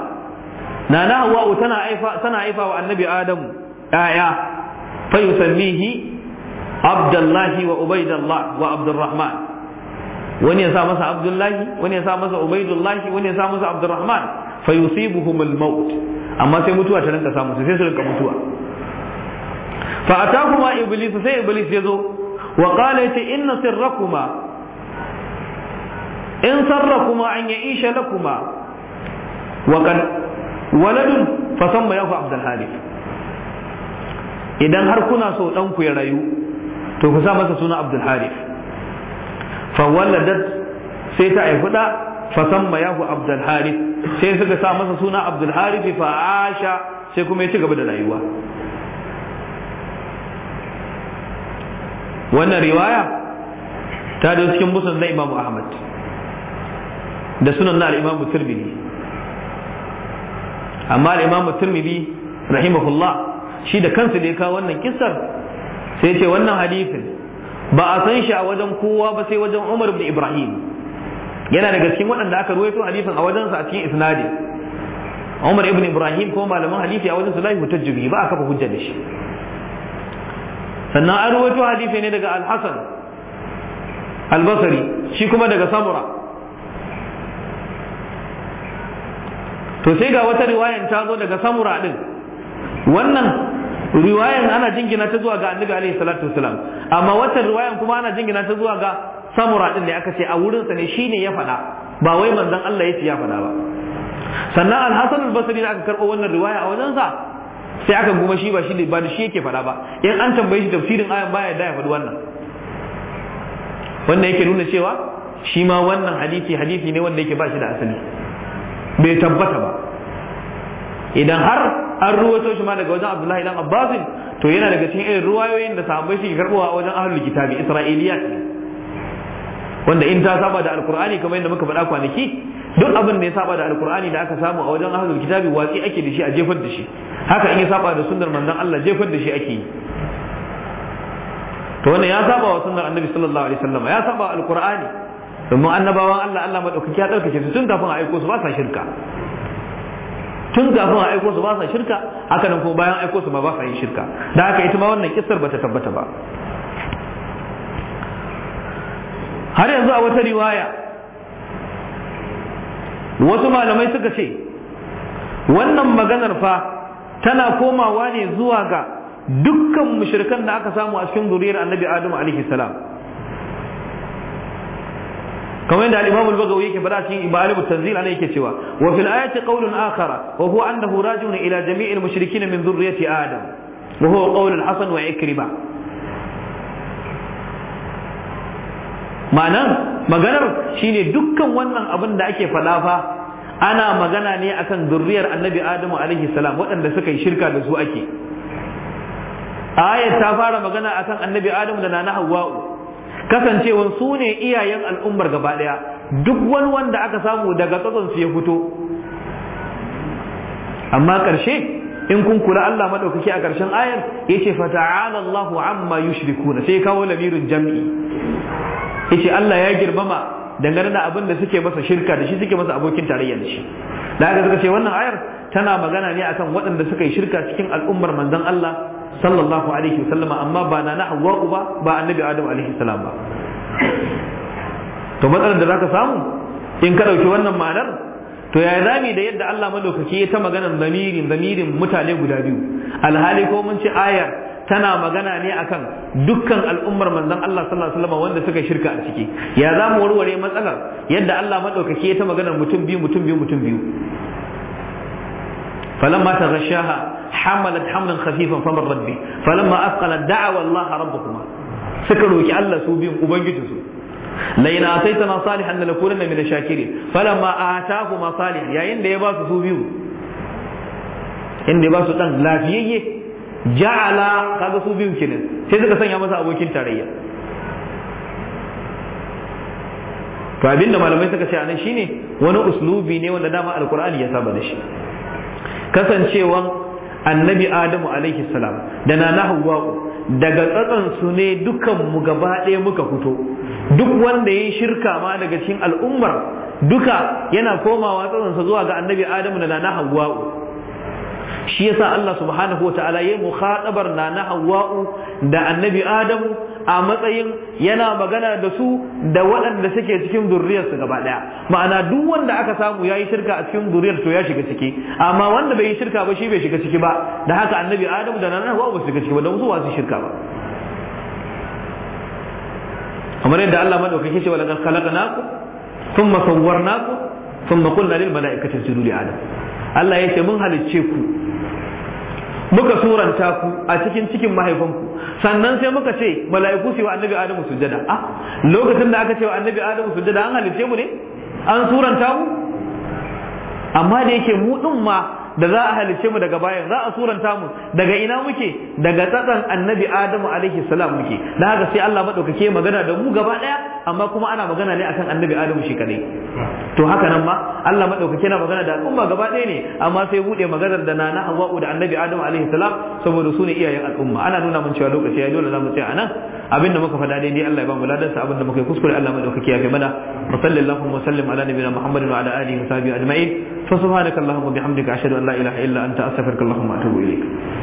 nana hawa'u tana haifa tana wa annabi adamu aya fa yusammihi abdullahi wa ubaidallah wa abdurrahman wani ya sa masa abdullahi wani ya sa masa ubaidullahi wani ya sa masa abdurrahman fa yusibuhumul maut amma sai mutuwa ta rinka samu sai su rinka mutuwa fa atakuma iblis sai iblis ya zo wa qala ta inna sirrakuma in sarrakuma an ya'isha lakuma wa kad waladun fa samma yahu abdul halif idan har kuna so dan ku ya rayu to ku sa masa suna abdul halif fa waladat sai ta haifi da fa samma yahu abdul harith sai suka sa masa suna abdul harith fa asha sai kuma ya ci gaba da rayuwa wannan riwaya ta da cikin musan na imamu ahmad da sunan na imamu tirmidhi amma imamu tirmidhi rahimahullah shi da kansu ne ya wannan kisar sai ce wannan hadifin. ba a san shi a wajen kowa ba sai wajen Umar ibn Ibrahim yana daga cikin waɗanda aka ruwaito hadisin a wajensa a cikin isnadi Umar ibn Ibrahim ko malaman hadisi a wajen Sulaiman mutajjibi ba a kafa hujja da shi sannan an ruwaito hadisi ne daga Al-Hasan Al-Basri shi kuma daga Samura to sai ga wata riwayan ta zo daga Samura din wannan riwayan ana jingina ta zuwa ga annabi alaihi salatu wasalam amma wata riwayan kuma ana jingina ta zuwa ga samura din da aka ce a wurin sa ne shine ya fada ba wai manzon Allah ya ya fada ba sannan al-Hasan al-Basri da aka karɓo wannan riwaya a wajen sa sai aka goma shi ba shi ne ba da shi yake fada ba in an tambaye shi tafsirin ayan baya da ya faɗi wannan wannan yake nuna cewa shi ma wannan hadisi hadisi ne wanda yake ba shi da asali bai tabbata ba idan har an ruwato shi ma daga wajen abdullahi dan abbasin to yana daga cikin irin ruwayoyin da sahabbai suke karbowa a wajen ahlul kitabi isra'iliya wanda in ta saba da alqur'ani kamar yadda muka faɗa kwanaki duk abin da ya saba da alqur'ani da aka samu a wajen ahlul kitabi watsi ake da shi a jefar da shi haka in ya saba da sunnar manzon Allah jefar da shi ake yi to wannan ya saba wa sunnar annabi sallallahu alaihi wasallam ya saba alqur'ani domin annabawan Allah Allah madaukaki ya dauke su tun kafin a aiko su ba sa shirka tun kafin a aiko su ba sa shirka haka nan kuma bayan aiko su ma ba sa yin shirka da haka ita ma wannan kissar bata tabbata ba har yanzu a wata riwaya wasu malamai suka ce wannan maganar fa tana komawa ne zuwa ga dukkan mushrikan da aka samu a cikin zuriyar annabi adamu alaihi salam kamar yadda al-Imam al yake fada cikin Ibalib tanzil ana yake cewa wa fil ayati qawlun akhara wa huwa annahu rajiun ila jami'il mushrikin min dhurriyyati Adam wa huwa qawl al-Hasan wa Ikrimah ma'anar maganar shine dukkan wannan abin da ake faɗafa, fa ana magana ne akan zurriyar annabi adamu alaihi salam waɗanda suka yi shirka da su ake ayat ta fara magana akan annabi adamu da nana hawwa'u kasancewan su ne iyayen al'ummar gaba ɗaya duk wani wanda aka samu daga su ya fito amma ƙarshe in kun kula Allah maɗaukaki a ƙarshen ayar ya ce fata'ala Allahu amma yushrikuna sai kawo lamirin jam'i ya ce Allah ya girmama dangane da abin da suke masa shirka da shi suke masa abokin tarayyar da shi da haka suka ce wannan ayar tana magana ne akan waɗanda suka yi shirka cikin al'ummar manzon Allah sallallahu alaihi wasallam amma ba na na hawwa'u ba ba annabi adam alaihi salam ba to matsalar da zaka samu in ka dauki wannan ma'anar to ya zami da yadda Allah madaukaki ya ta maganar zamirin zamirin mutane guda biyu alhali ko mun ce ayar tana magana ne akan dukkan al'ummar manzon Allah sallallahu alaihi wasallam wanda suka shirka a ciki ya za mu warware matsalar yadda Allah madaukaki ya ta maganar mutum biyu mutum biyu mutum biyu فلما تغشاها حملت حملا خفيفا فمن ربي فلما أثقلت دعوا الله ربكما سكروا كي الله سوبهم وبنجدوا لئن آتيتنا صالحا لنكونن من الشاكرين فلما آتاهما صالح يا إن دي باسو سوبيو إن دي باسو تن لا فيه جعل كذا سوبيو كنن سيزك سنيا مسا أبوكين تاريا to abinda malamai suka ce anan shine wani uslubi ne wanda dama alkur'ani ya saba da shi kasancewan annabi adamu alaihi salam da na na daga tsatsan su ne dukan mu gaba ɗaya muka fito duk wanda ya shirka ma daga cikin al'ummar duka yana komawa tsatsansa zuwa ga annabi adamu da na na shi yasa Allah subhanahu wa ta'ala ya mukhatabar na na hawa'u da annabi adamu a matsayin yana magana da su da waɗanda suke cikin su gaba ɗaya ma'ana duk wanda aka samu ya yi shirka a cikin zurriyar to ya shiga ciki amma wanda bai yi shirka ba shi bai shiga ciki ba da haka annabi adam da nan ba su shiga ciki ba don su wasu shirka ba kamar yadda Allah madaukake shi wala khalaqnakum thumma sawwarnaku thumma qulna lil malaikati isjudu li adam Allah ya ce mun halicce ku muka suranta ku a cikin cikin mahaifanku sannan sai muka ce mala'iku su wa annabi adamu sujada a ah, lokacin da aka ce wa annabi adamu sujada an halitce mu ne an suranta mu amma da yake mu ɗin ma da za a halice mu daga bayan za a suranta mu daga ina muke daga tsatsan annabi adamu alaihi salam muke da haka sai Allah madaukake magana da mu gaba daya amma kuma ana magana ne akan annabi adamu shi kadai to haka nan ma Allah madaukake na magana da al'umma gaba daya ne amma sai bude maganar da nana hawa'u da annabi adamu alaihi salam saboda su ne iyayen al'umma ana nuna mun cewa lokaci ya dole za mu tsaya anan abinda muka faɗa dai Allah ya ba mu ladansa abinda muka yi kuskure Allah madaukake ya fi mana wa sallallahu wa sallam ala nabiyina muhammadin wa ala alihi wa sahbihi ajma'in fa subhanakallahumma bihamdika ashhadu أن لا إله إلا أنت أستغفرك اللهم وأتوب إليك